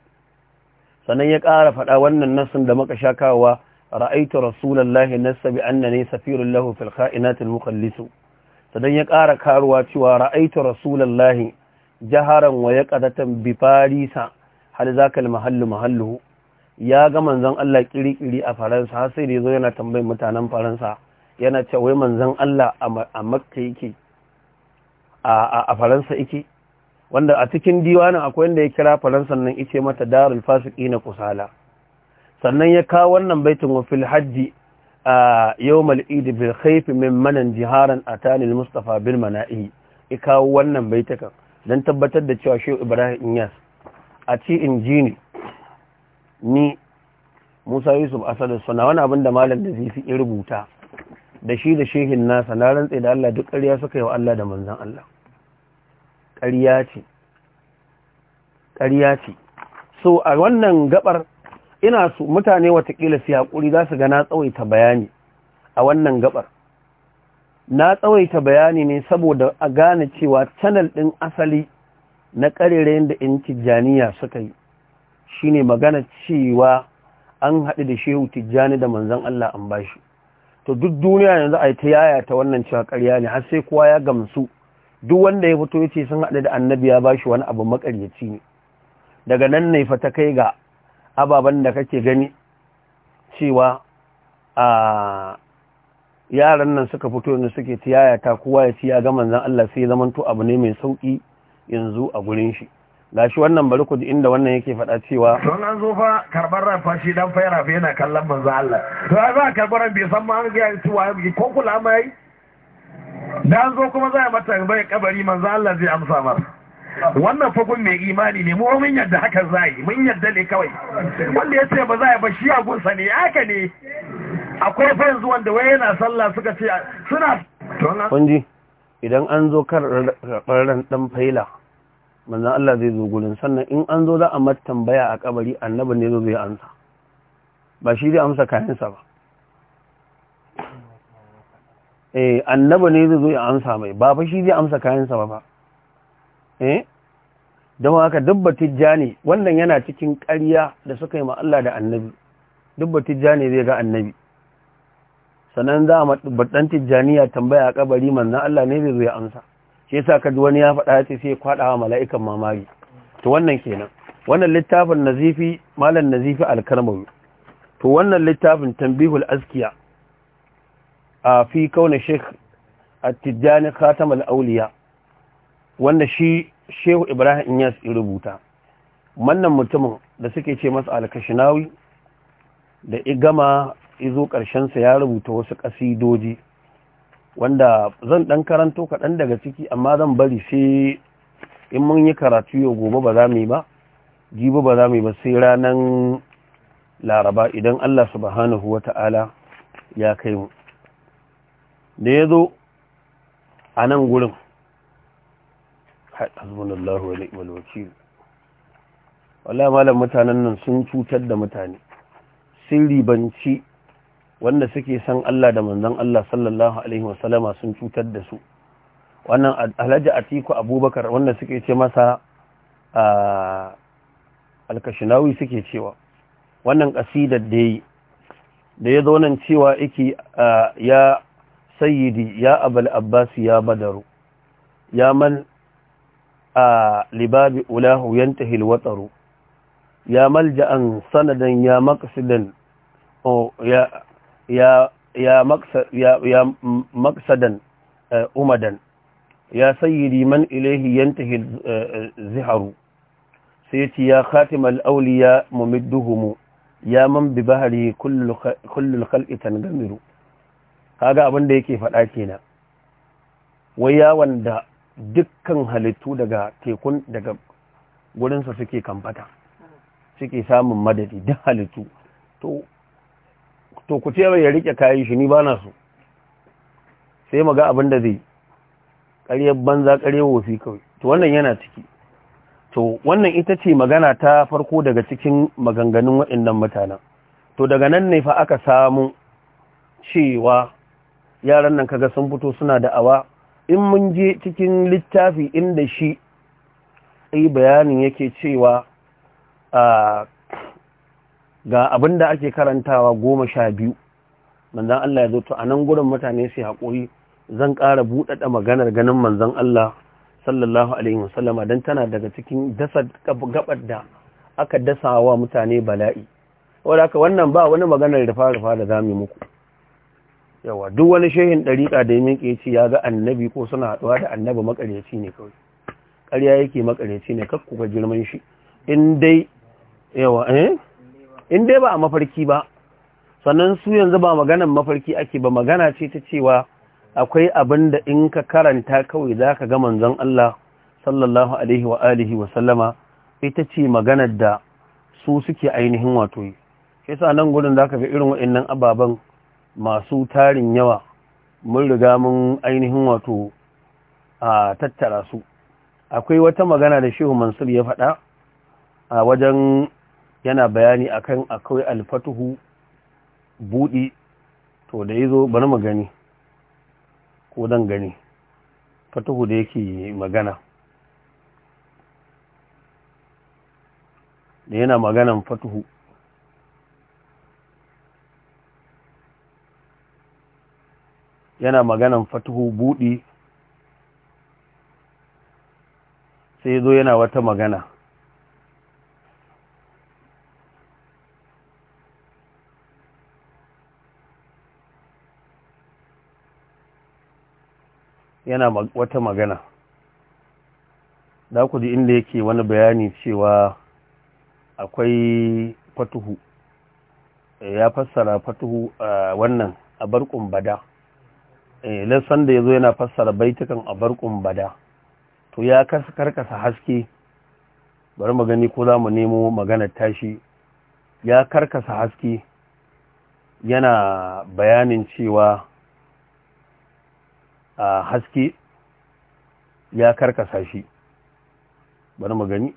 sannan ya ƙara faɗa wannan nasin da muka sha kawowa ra'aitu rasulullahi nasabi annani safirin lahu fil kha'inatil muqallisu sannan ya kara karuwa cewa ra'aitu rasulullahi jaharan wa yaqadatan bi farisa hal zaka al mahallu mahalluhu ya ga manzan Allah kiri-kiri a Faransa har sai da zo yana tambayin mutanen Faransa yana cewa wai manzon Allah a Makka yake a Faransa yake wanda a cikin diwanin akwai wanda ya kira Faransa nan yace mata Darul na Kusala sannan ya kawo wannan baitin wa fil hajji a yawmal Eid bil khayf min manan jiharan atani al-Mustafa bil mana'i ya kawo wannan baitakan dan tabbatar da cewa Shehu Ibrahim inyas a ci injini ni Musa Yusuf Asadu suna wani abin da malam da zai fi rubuta da shi da shehin nasa na rantse da Allah duk ƙarya suka yi wa Allah da manzan Allah ƙarya ce ƙarya ce so a wannan gabar ina su mutane watakila su haƙuri za su ga na tsawaita bayani a wannan gabar na tsawaita bayani ne saboda a gane cewa canal ɗin asali na ƙarerayen da in tijjaniya suka yi Shi ne magana cewa an haɗu da shehu tijjani da manzon Allah an ba shi. to duk duniya yanzu a yi ta yaya ta wannan cewa ƙarya ne har sai kowa ya gamsu duk wanda ya fito ya ce sun haɗu da annabi ya shi wani abu makaryaci ne daga nan ne fa ta kai ga ababen da kake gani cewa a yaran nan suka fito yanzu suke ta yaya ta kowa ya ci ya ga manzan Allah sai zaman to abu ne mai sauki yanzu a gurin shi Ga shi wannan bari ku ji inda wannan yake faɗa cewa don an zo fa karɓar ran fa shi dan fayra fa yana kallon manzo Allah to ai ba karɓar ran bai san ma an ga cewa ko kula mai yi da an zo kuma za a mata bai kabari manzo Allah zai amsa mar wannan kun mai imani ne mu mun yadda haka za yi mun yadda ne kawai wanda ya ce ba za a ba shi a gunsa ne haka ne akwai fa yanzu wanda wai yana sallah suka ce suna ji idan an zo karɓar ran dan faila manzan Allah zai zo gurin sannan in an zo za a mata tambaya a kabari annabin ne zo zai amsa ba shi zai amsa kayansa ba eh annabin ne zai zo ya amsa mai ba fa shi zai amsa kayansa ba ba eh don haka dubba tijjani wannan yana cikin ƙarya da suka yi ma Allah da annabi dubba tijjani zai ga annabi sannan za a ɗan tijjaniya tambaya a kabari manzan Allah ne zai zo ya amsa shi yasa kaji wani ya faɗa yace sai ya kwadawa mala'ikan mamaki to wannan kenan wannan littafin nazifi malam nazifi al-karmawi to wannan littafin tanbihul askiya a fi kauna sheikh at-tijani khatam al-awliya wanda shi shehu ibrahim inyas ya rubuta wannan mutumin da suke ce masa al-kashinawi da igama izo karshen sa ya rubuta wasu kasidoji wanda zan ɗan karanto kaɗan daga ciki amma zan bari sai in mun yi karatu yau gobe ba za mu yi ba jibo ba za mu yi ba sai ranar laraba idan Allah subhanahu wa ta'ala ya kai mu da ya zo a nan gurin hasbunallahu wa ni'mal wakil wallahi malam mutanen nan sun cutar da mutane sun ribanci wanda suke san Allah da manzon Allah sallallahu alaihi wasallama sun cutar da su wannan alhaji atiku abubakar wanda suke ce masa alkashinawi suke cewa wannan kasidar da yi da ya zo cewa iki ya sayyidi ya abal abbas ya badaru ya man a libabi ulahu yantahil watsaru ya malja'an sanadan ya maqsidan ya ya maksadan eh, umadan ya sayyidi man ilaihi yantahi eh, ziharu sai ce ya khatimal auliya mumidduhumu ya man bi bahari kullul khalqi tangamiru kaga abin da yake faɗa kenan wai ya wanda dukkan halittu daga tekun daga gurinsa suke kamfata suke samun madadi duk halittu to to ku ce ya rike kayan shi ni ba na so sai maga abin da zai ƙaryar banza karya wofi kawai to wannan yana ciki to wannan ita ce magana ta farko daga cikin maganganun waɗannan mutanen to daga nan ne fa aka samu cewa yaran nan kaga sun fito suna da awa in mun je cikin littafi inda shi ai bayanin yake cewa a ah, ga abin da ake karantawa goma sha biyu manzan Allah ya zo a nan gurin mutane sai haƙuri zan ƙara buɗaɗa maganar ganin manzan Allah sallallahu alaihi wasallama don tana daga cikin dasa gabar da aka dasa wa mutane bala'i wadda aka wannan ba wani maganar fara fara da yi muku yawa duk wani shehin ɗariƙa da ya minke ce ya ga annabi ko suna haɗuwa da annabi makaryaci ne kawai ƙarya yake makaryaci ne kakku ga girman shi in dai yawa eh in dai ba a mafarki ba sannan su yanzu ba maganan mafarki ake ba magana ce ta cewa akwai abin da in ka karanta kawai za ka ga manzon Allah sallallahu alaihi wa alihi wa sallama ita ce maganar da su suke ainihin wato yi yasa nan gudun za ka ga irin waɗannan ababen masu tarin yawa mun riga mun ainihin wato a tattara su akwai wata magana da shehu mansur ya faɗa a wajen yana bayani akan akwai alfatuhu buɗi to da ya zo bari mu gani ko don gani fatuhu da yake magana da yana maganan fatuhu yana maganan fatuhu buɗi sai zo yana wata magana yana wata magana da ku ji inda yake wani bayani cewa akwai fatuhu eh, ya fassara fatuhu a eh, wannan a barkun bada eh, san da ya zo yana fassara baitukan a barkun bada to ya karkasa haske bari mu gani ko za mu nemo maganar tashi ya karkasa haske yana bayanin cewa a haske ya karkasa shi bari mu gani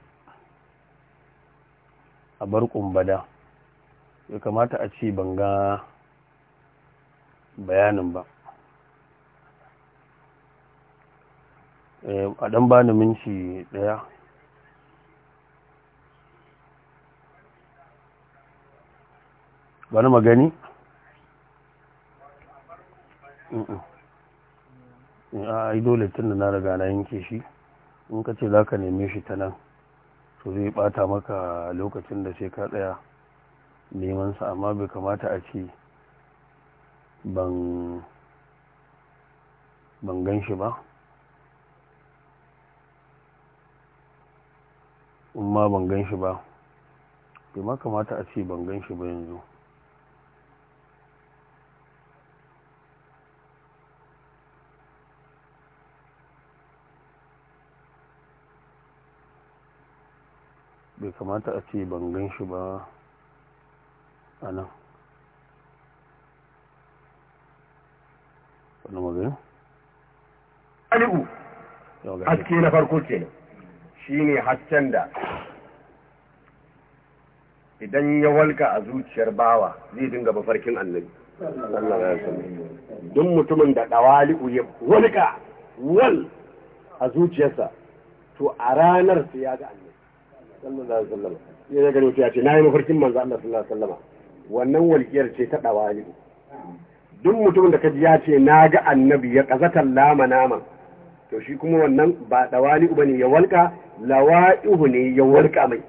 a bar kumbada ya kamata a ce ga bayanin ba eh, a dan bani minci daya bari magani? Mm a yi dole tun da na riga na yanke shi in ka ce za ka neme shi ta nan to zai bata maka lokacin da sai ka tsaya nemansa amma bai kamata a ce ban gan shi ba in ma ban gan shi ba bai ma kamata a ce ban gan shi ba yanzu bai kamata a ce ban gan shi ba a nan wani magana? alibu haske na farko ke shi ne hasken da idan ya walka a zuciyar bawa zai dinga mafarkin annabi don mutumin da ɗawali'u ya walka wal a zuciyarsa to a ranar su ya ga annabi sallallahu alaihi wasallam ya ya ce mafarkin manzo Allah sallallahu alaihi wasallam wannan walƙiyar ce ta dawali duk mutumin da ka ji ya ce na ga annabi ya kazata lama nama to shi kuma wannan ba dawali bane ya walka lawa'ihu ne ya walka mai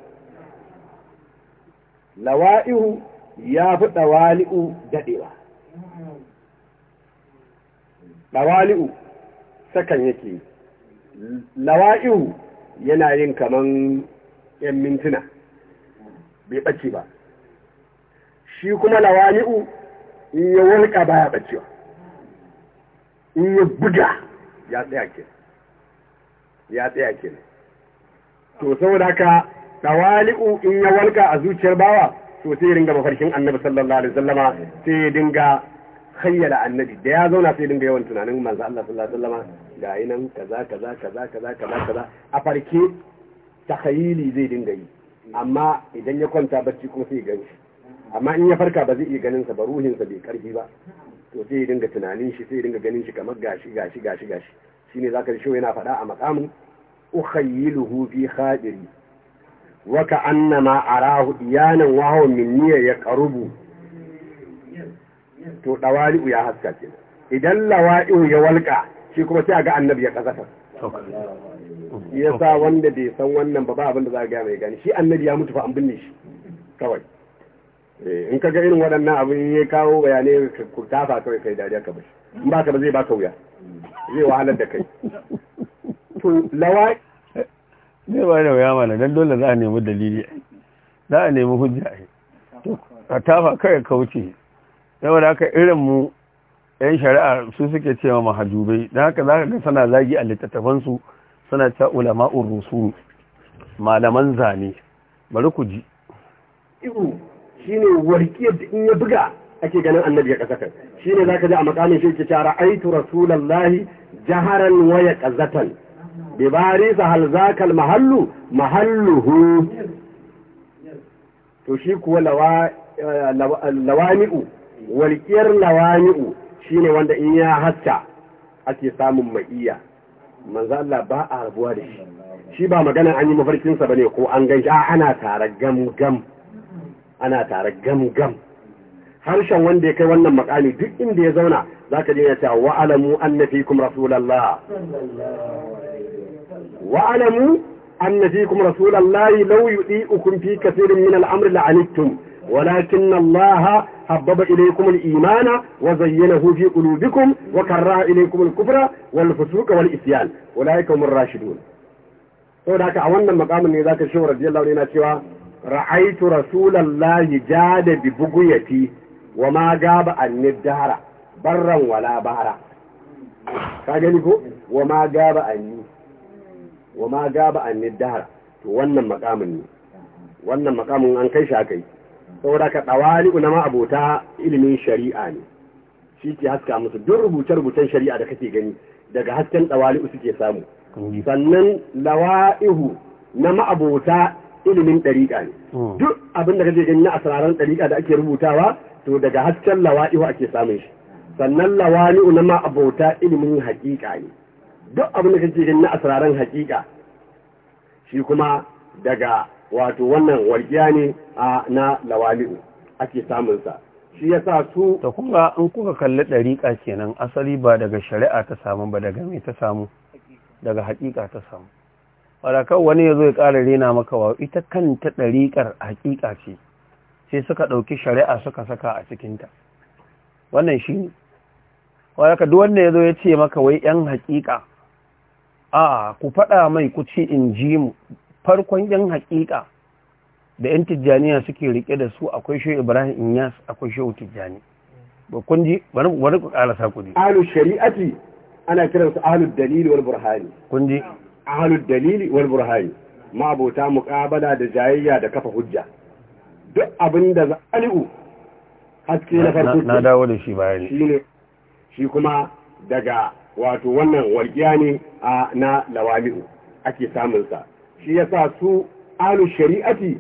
lawa'ihu ya fi dawali'u dadewa dawali'u sakan yake lawa'ihu yana yin kaman 'yan mintuna bai ɓace ba shi kuma lawani'u in ya walƙa baya ɓacewa in yi buga ya tsaya ke ya tsaya ke to saboda haka lawani'u in yi walƙa a zuciyar bawa to sai ringa mafarkin annabi sallallahu alaihi wasallama sai dinga hayyala annabi da ya zauna sai dinga yawan tunanin manzo Allah sallallahu alaihi wasallama ga yi nan kaza kaza kaza kaza kaza a farke takayili zai dinga yi amma idan ya kwanta bacci kuma sai gan shi amma in ya farka ba zai iya ganin sa ba ruhin sa bai karfi ba to sai ya dinga tunanin shi sai ya dinga ganin shi kamar gashi gashi gashi gashi shine zaka shi yana fada a makamu ukhayiluhu fi khadiri wa ka'annama arahu iyanan wa huwa niyya ya qarubu to dawali ya haska kenan idan lawa'i ya walka shi kuma sai ga annabi ya kazata ya sa wanda bai san wannan ba ba abin da za a gaya mai gani shi annabi ya mutu fa an binne shi kawai eh, in ka ga irin waɗannan abin ya kawo bayanai ka tafa kawai kai dariya ka bashi in ba ka ba zai baka wuya zai wahalar da kai to lawa zai ba da wuya mana dan dole za a nemi dalili za a nemi hujja to ka tafa kai ka wuce saboda haka irin mu yan shari'a su suke cewa mahajubai don haka za ka ga sana zagi a littattafansu suna ta ulama'ur rusul malaman zane bari ku ji iru shine warkiyar da in ya buga ake ganin annabi ya kasaka shine zaka ji a makamin shi ke cewa aitu rasulullahi jaharan wa yaqazatan kazatan bi barisa hal zakal mahallu mahalluhu to shi kuwa lawa eh, lawami'u walkiyar lawami'u shine wanda in ya hatta ake samun ma'iya manzo Allah ba a rabuwa da shi shi ba magana an yi mafarkin sa bane ko an ganshi a ana tare gam gam ana tare gam gam harshen wanda ya kai wannan makami duk inda ya zauna zaka je ya ce wa alamu anna fikum rasulullah wa alamu anna fikum rasulullah law fi kathirin min al-amri la'anittum ولكن الله حبب إليكم الإيمان وزينه في قلوبكم وكره إليكم الكفر والفسوق والإسيان أولئك هم الراشدون فذاك أولا مقام ذاك الشيخ رضي الله عنه سوى رأيت رسول الله جاد ببغيتي وما جاب عن الدهر برا ولا بهرا kagani ko wa ma gaba anni wa ma gaba anni dahar to wannan makamin ne wannan makamin an kai shi akai saboda ka ɗawali ulama abota ilimin shari'a ne shi ke haska musu duk rubuce-rubucen shari'a da kake gani daga hasken usu ke samu sannan lawa'ihu na ma'abota ilimin ɗariƙa ne hmm. duk abin da kake gani na asararan ɗariƙa da ake rubutawa to daga hasken lawa'ihu ake samun shi sannan lawa'ihu na ma'abota ilimin haƙiƙa ne duk abin da kake gani na asararan haƙiƙa shi kuma daga wato wannan wargiya ne a na lawali'u ake samunsa shi ya sa su ta kuma an kuka kalli ɗariƙa kenan asali ba daga shari'a ta samu ba daga mai ta samu daga haƙiƙa ta samu wadakau wani ya zo ya ƙara rena maka wa ita kanta ɗariƙar haƙiƙa ce sai suka ɗauki shari'a suka saka a cikinta wannan shi ne wadaka duk wanda ya zo ya ce maka wai ‘yan haƙiƙa a ku faɗa mai ku ce in ji mu farkon yan haƙiƙa da yan tijjaniya suke riƙe da su akwai shehu ibrahim inyas akwai shehu tijjani ba kun ji wani ku ƙarasa ku ji ahlus shari'ati ana kiransu ahlud dalili wal burhani kun ji ahlud dalili wal burhani mabota muƙabala da jayayya da kafa hujja duk abin da zali'u haske na farko na dawo da shi bayani shi ne shi kuma daga wato wannan walƙiya ne na lawami'u ake samunsa shi yasa su ahlu shari'ati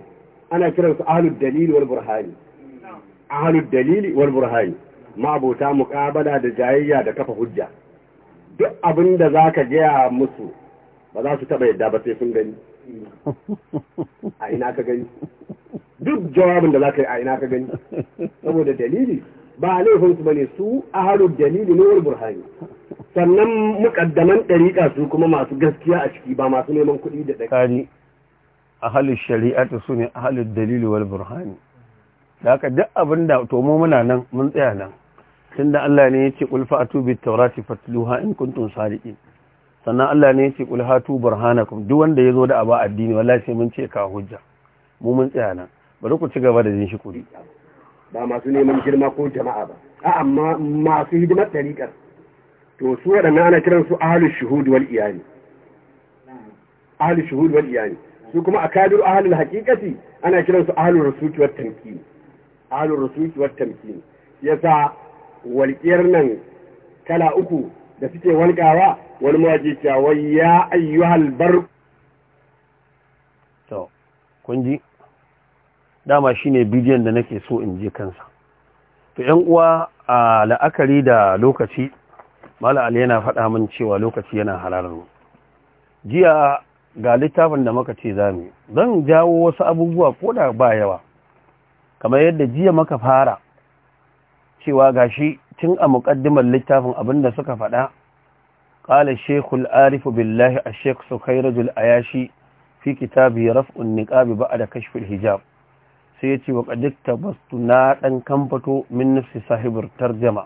ana kiransu ahlu dalili wal burhani ahlu dalili wal burhani ma'abota muqabala da jayayya da kafa hujja duk abinda zaka gaya musu ba za su taba yadda ba sai sun gani a ina ka gani duk jawabin da zaka yi a ina ka gani saboda dalili ba laifinsu ba ne su a dalili ne wani burhani sannan mukaddaman ɗariƙa su kuma masu gaskiya a ciki ba masu neman kuɗi da ɗari shari'a ta su ne halin dalili wani burhani da aka duk abin da to muna nan mun tsaya nan tunda Allah ne ya ce qul fa'tu bit tawrati fatluha in kuntun sariƙi sannan Allah ne yace qul hatu burhanakum duk wanda ya zo da aba addini wallahi sai mun ce ka hujja mu mun tsaya nan bari ku ci gaba da jin shi kuri ba masu neman girma ko jama'a ba a amma masu hidimar tariƙar to su waɗanda ana kiran su ahalul shuhud wal iyali ahalul shuhud wal iyali su kuma a kadiru ahalul hakikati ana kiran su ahalul rusuki tamkini tamkin ahalul rusuki wat ya sa walƙiyar nan kala uku da suke walƙawa wani mawaƙi cewa ya ayyuhal bar to kun ji dama shine bidiyon da nake so in je kansa to yan uwa a la'akari da lokaci mala ali yana faɗa min cewa lokaci yana halarar jiya ga littafin da muka ce zamu zan jawo wasu abubuwa ko da ba yawa kamar yadda jiya muka fara cewa gashi tun a muƙaddimar littafin abin da suka faɗa arifu billahi الشيخ العارف بالله الشيخ سخيرج الأياشي في raf'un رفع ba'a da كشف hijab. sai ya ce wa ƙadikta bastu na ɗan kamfato min nufsi sahibar tarjama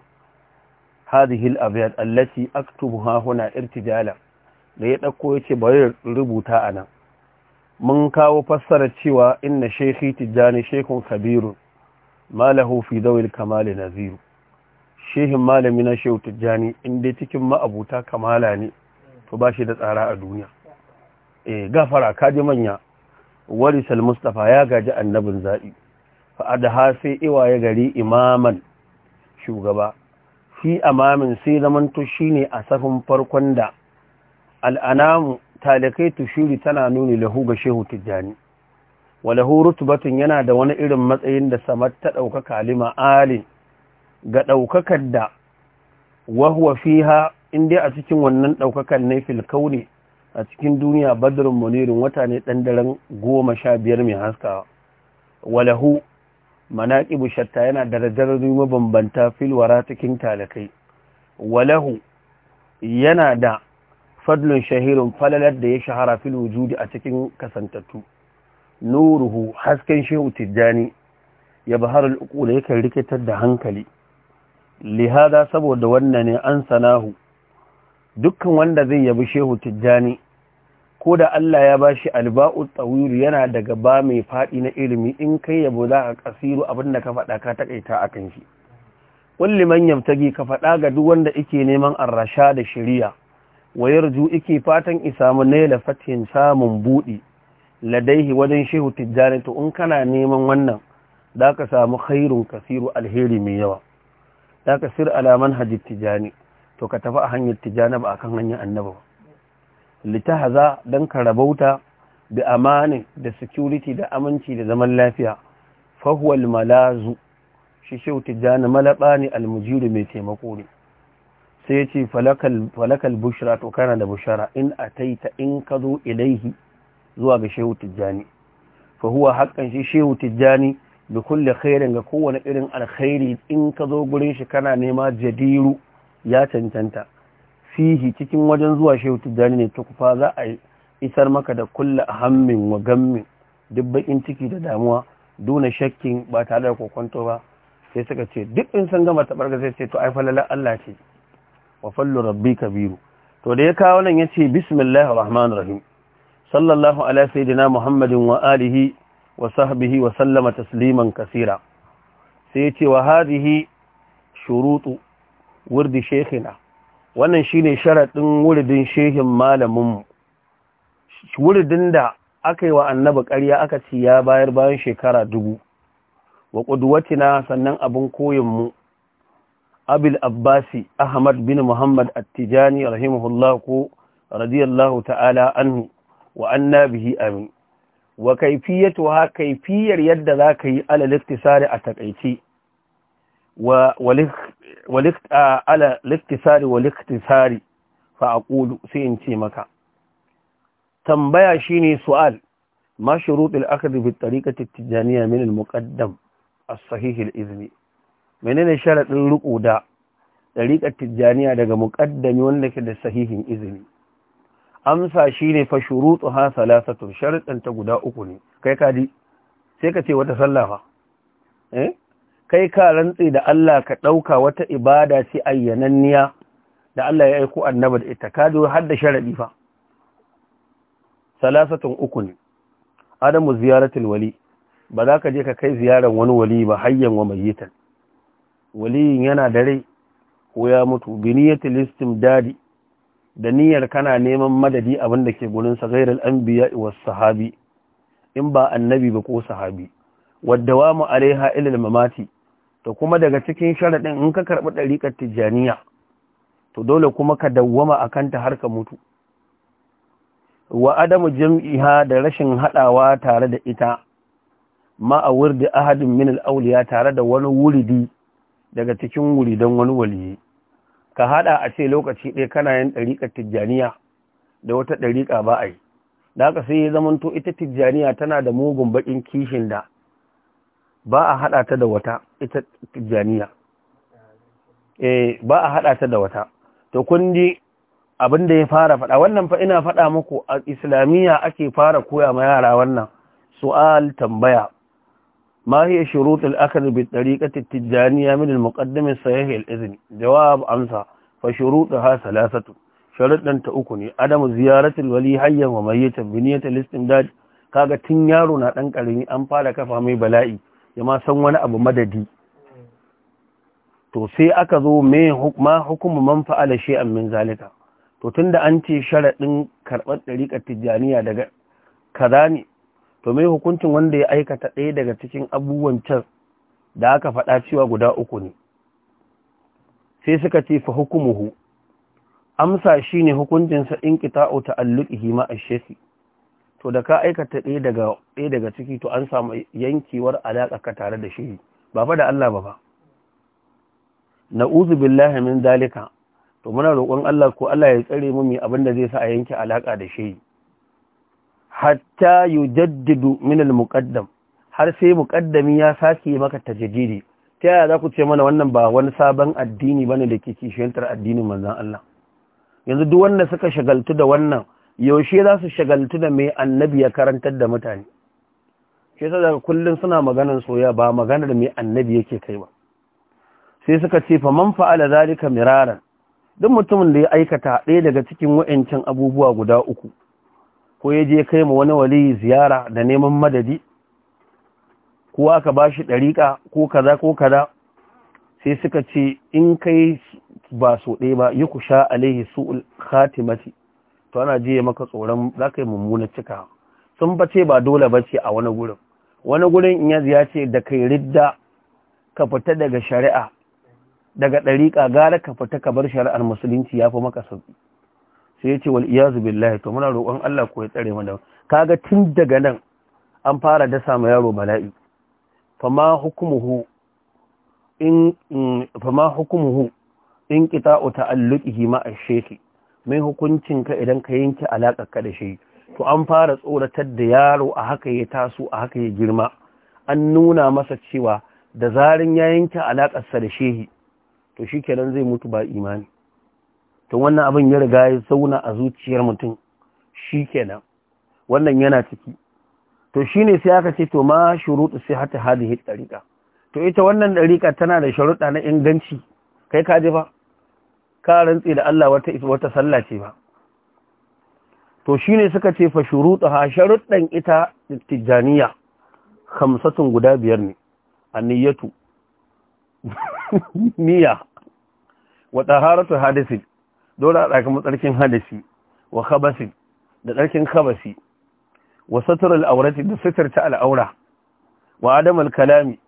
hadihil abiyar allaci aktubu hahuna irtijala da ya ɗauko ya ce bari rubuta a nan mun kawo fassara cewa inna shekhi tijjani shekun kabiru malahu fi dawil kamali naziru shehin malami na shehu tijjani inda cikin ma'abuta kamala ne to ba shi da tsara a duniya eh gafara kaji manya warisal mustapha ya gaji annabin zaɓi fa'ada hafi iwaye gari imaman shugaba fi amamin sai zaman shi ne a safin farkon da al'anamu talikai tushiri tana nuni lahu ga shehu tijjani wa lahu rutubatun yana da wani irin matsayin da samar ta ɗaukaka lima alin ga ɗaukakar da wahuwa ha inda a cikin wannan ɗaukakar ne filkau ne a cikin duniya badrun munirin wata ne ɗan daren goma sha biyar mai haskawa walahu manaƙibu bushatta yana darajar bambanta filwara cikin talakai walahu yana da fadlun shahirin falalar da ya shahara fil wujudi a cikin kasantattu nuruhu hasken shehu tijjani ya bahar al'ukula yakan rikitar da hankali lihada saboda wannan ne an sanahu dukkan wanda zai yabi shehu tijjani ko da Allah ya ba shi alba'u tsawiru yana daga ba mai faɗi na ilimi in kai yabo za a kasiru abin da ka faɗa ka taƙaita a kan shi kulli man yamtagi ka faɗa ga duk wanda ike neman arrasha da shari'a wayar ju ike fatan isamu ne la fatin samun buɗi ladaihi wajen shehu tijjani to in kana neman wannan za ka samu khairun kasiru alheri mai yawa za ka sir alaman hajji tijjani to ka tafi a hanyar tijjani ba a kan hanyar annaba ba litahaza don ka rabauta da amani da security da aminci da zaman lafiya fahuwal malazu shi shehu tijjani malaba ne almujiru mai taimako ne sai ya ce falakal bushra to kana da bushara in ataita in ka zo ilaihi zuwa ga shehu tijjani fahuwa haƙƙan shi shehu tijjani da kulle khairin ga kowane irin alkhairi in ka zo gurin shi kana nema jadiru ya cancanta fihi cikin wajen zuwa shehu tijjani ne tukufa za a isar maka da kulla hammin wa gammin duk bakin ciki da damuwa duna shakkin ba tare da kokonto ba sai suka ce duk in san gama ta barga sai ce to ai falala Allah ce wa fallu rabbi kabiru to da ya kawo nan yace bismillahir rahmanir rahim sallallahu alaihi sayyidina muhammadin wa alihi wa sahbihi wa sallama tasliman kasira sai ce wa hadhihi shurutu wurdi shaykhina wannan shi ne sharaɗin wuridin shehin malaminmu wuridin da aka yi wa annabi ƙarya aka ci ya bayar bayan shekara dubu wa na sannan abin koyinmu abil abbasi ahmad bin muhammad attijani rahimahullah ko radiyallahu ta'ala anhu wa annabihi bihi amin wa kaifiyatu ha kaifiyar yadda za ka yi alal iktisari a takaice ala liktisari wa liktisari fa aqulu sai in ce maka tambaya shine su'al ma shurutul akhdh bi tariqati tijaniyya min al-muqaddam as-sahih al-izni menene sharadin riƙo da tariqat tijjaniya daga muƙaddami wanda ke da sahihin izini amsa shine fa shurutuha salasatun sharadin ta guda uku ne kai kadi sai ka ce wata sallafa eh kai ka rantse da Allah ka ɗauka wata ibada ce ayyananniya da Allah ya aiko annaba da ita ka zo har da sharaɗi fa salasatun uku ne adamu ziyaratul wali ba za ka je ka kai ziyarar wani wali ba hayyan wa mai mayyitan waliyin yana da rai ko ya mutu bi niyyatil dadi. da niyyar kana neman madadi abin da ke gurin sa an anbiya was sahabi in ba annabi ba ko sahabi mu alaiha ila mamati to kuma daga cikin sharaɗin in ka karɓi ɗariƙar tijjaniya to dole kuma ka dawwama a kanta har ka mutu wa adamu jam'iha da rashin haɗawa tare da ita ma a wurdi ahadin min auliya tare da wani wuridi daga cikin wuridan wani waliyi ka haɗa a ce lokaci ɗaya kana yin ɗariƙar tijjaniya da wata ɗariƙa ba a yi da haka sai ya zamanto ita tijjaniya tana da mugun baƙin kishin da ba a hada ta da wata ita janiya eh ba a hada ta da wata to kun ji ya fara fada wannan fa ina fada muku a islamiya ake fara koya ma yara wannan su'al tambaya ma hiya shurutul akhd bi tariqati tijaniya min al muqaddam sahih al izn jawab amsa fa shurutuha thalathatu sharuddan ta uku ne adamu ziyaratul wali hayyan wa mayyitan bi niyyati al istimdad kaga tin yaro na dan karimi an fara kafa mai bala'i ya ma san wani abu madadi to sai aka zo me ma hukumu man fa'ala shay'an min zalika to tun da an ce sharaɗin karɓar ɗariƙar Tijjaniya daga kaza ne to me hukuncin wanda ya aikata ɗaya daga cikin abubuwan can da aka faɗa cewa guda uku ne sai suka ce fa hukumuhu amsa shine hukuncinsa in qita'u ta'alluƙi ma a shafi. to da ka aikata ɗaya daga ɗaya daga ciki to an samu yankewar alaƙa ka tare da shi ba fa da Allah ba ba na'udhu billahi min zalika to muna roƙon Allah ko Allah ya tsare mu mi abin zai sa a yanke alaƙa da shi hatta yujaddidu min al har sai muƙaddami ya sake maka tajaddidi ta yaya za ku ce mana wannan ba wani sabon addini bane da ke kishiyantar addinin manzon Allah yanzu duk wanda suka shagaltu da wannan yaushe za su shagaltu da mai annabi ya karantar da mutane shi sa daga kullum suna maganar soya ba maganar mai annabi yake kai ba sai suka ce fa man fa'ala zalika miraran duk mutumin da ya aikata ɗaya daga cikin wa'ancin abubuwa guda uku ko ya je kai ma wani wali ziyara da neman madadi ko aka shi ɗariƙa ko kaza ko kaza sai suka ce in kai ba so ɗaya ba yi ku sha alaihi su'ul khatimati to ana jiye maka tsoron za ka yi mummunan cika sun bace ba dole ba ce a wani gurin wani gurin in ya ce da kai ridda ka fita daga shari'a daga ɗariƙa gara ka fita ka bar shari'ar musulunci ya fi maka sauƙi sai ya ce wal iyazu billahi to muna roƙon Allah ko ya tsare mana kaga tun daga nan an fara dasa ma yaro bala'i fama hukumuhu in fama hukumuhu in ma ash-shaykh mai hukuncin ka idan ka yanke ka da shi to an fara tsoratar da yaro a haka ya taso a haka ya girma an nuna masa cewa da zarin ya yanke sa da shehi to shi kenan zai mutu ba imani to wannan abin ya riga ya zauna a zuciyar mutum shi kenan wannan yana ciki to shi ne sai aka ce to ma shuruɗu sai hata hadihi tariqa to ita wannan ɗarika tana da sharuɗa na inganci kai ka ji ba ka rantsi da Allah wata wata sallah ce ba to shi ne suka ce fa ha sharuɗɗan ita tijjaniya? Kamsatun guda biyar ne anniyatu niyya wa taharatu hadisi dole a tsakanin tsarkin hadisi wa kabasi da tsarkin Kabasi, wa satrul aurati da sitarta al'aura wa adamal kalami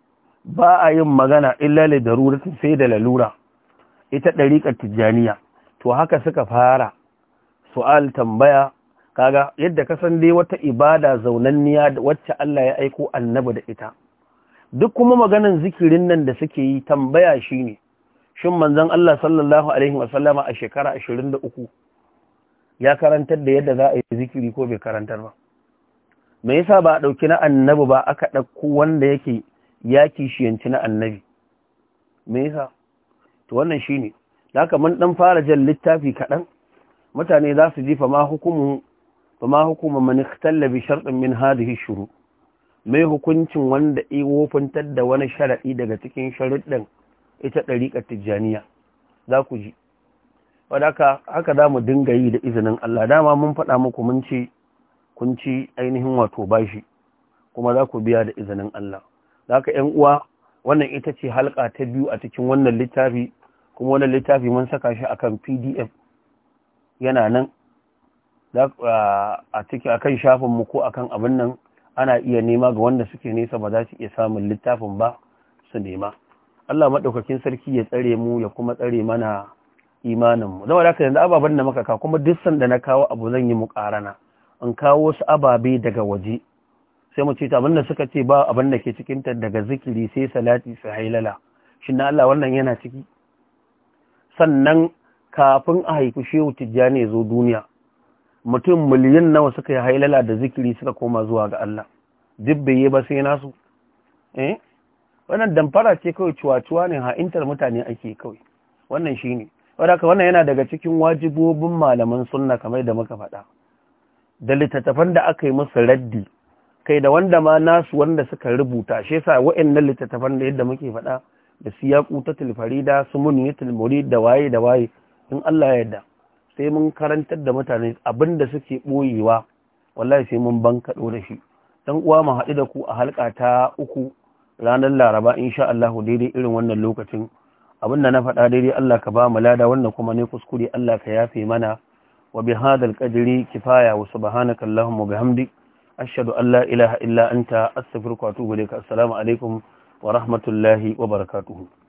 ba a yin magana illa li daruratin sai da lalura ita ɗariƙar tijjaniya to haka suka fara su'al tambaya kaga yadda ka san dai wata ibada zaunanniya wacce Allah ya aiko annabi da ita duk kuma maganan zikirin nan da suke yi tambaya shine shin manzon Allah sallallahu alaihi wasallama a shekara 23 ya karantar da yadda za a yi zikiri ko bai karantar ba me yasa ba a dauki na annabi ba aka dauko wanda yake yaki shiyanci na annabi me yasa to wannan shi ne. da haka mun ɗan fara jan littafi kaɗan mutane za su ji fa ma hukumu hukuma mani bi shartin min shuru mai hukuncin wanda i wofantar da wani sharaɗi daga cikin sharuɗin ita ɗariƙar tijjaniya za ku ji wadaka haka za mu dinga yi da izinin Allah dama mun faɗa muku mun ce kun ci ainihin wato bashi kuma za ku biya da izinin Allah Za ka ‘yan uwa wannan ita ce halka ta biyu a cikin wannan littafi kuma wannan littafi mun saka shi akan pdf yana nan a cikin akan shafinmu ko akan abin nan ana iya nema ga wanda suke nesa ba za su iya samun littafin ba su nema Allah maɗaukakin sarki ya tsare mu ya kuma tsare mana imaninmu zama da haka yanzu ababen da muka ka, kuma duk sanda na kawo abu zan yi mu ƙarana in kawo wasu ababe daga waje sai mu ce ta da suka ce ba abin da ke cikinta daga zikiri sai salati sai hailala shi na Allah wannan yana ciki sannan kafin a haifi shehu tijjani ya zo duniya mutum miliyan nawa suka yi hailala da zikiri suka koma zuwa ga Allah yi ba sai nasu eh wannan damfara ce kawai cuwacuwa ne ha'intar mutane ake kawai wannan shi ne wadaka wannan yana daga cikin wajibobin malaman sunna kamar da muka faɗa da littattafan da aka yi musu raddi kai da wanda ma nasu wanda suka rubuta shi yasa wa'annan littattafan da yadda muke faɗa da siyaƙu ta tilfarida su mun yi tilmuri da waye da waye in Allah ya yarda sai mun karantar da mutane abinda suke ɓoyewa wallahi sai mun kaɗo da shi dan uwa mu haɗu da ku a halka ta uku ranar laraba insha Allah daidai irin wannan lokacin abin da na faɗa daidai Allah ka ba mu lada wannan kuma ne kuskure Allah ka yafe mana wa bi hadal qadri kifaya wa subhanaka allahumma bihamdi ashhadu an la ilaha illa anta astaghfiruka wa atubu ilaik assalamu alaikum ورحمة الله وبركاته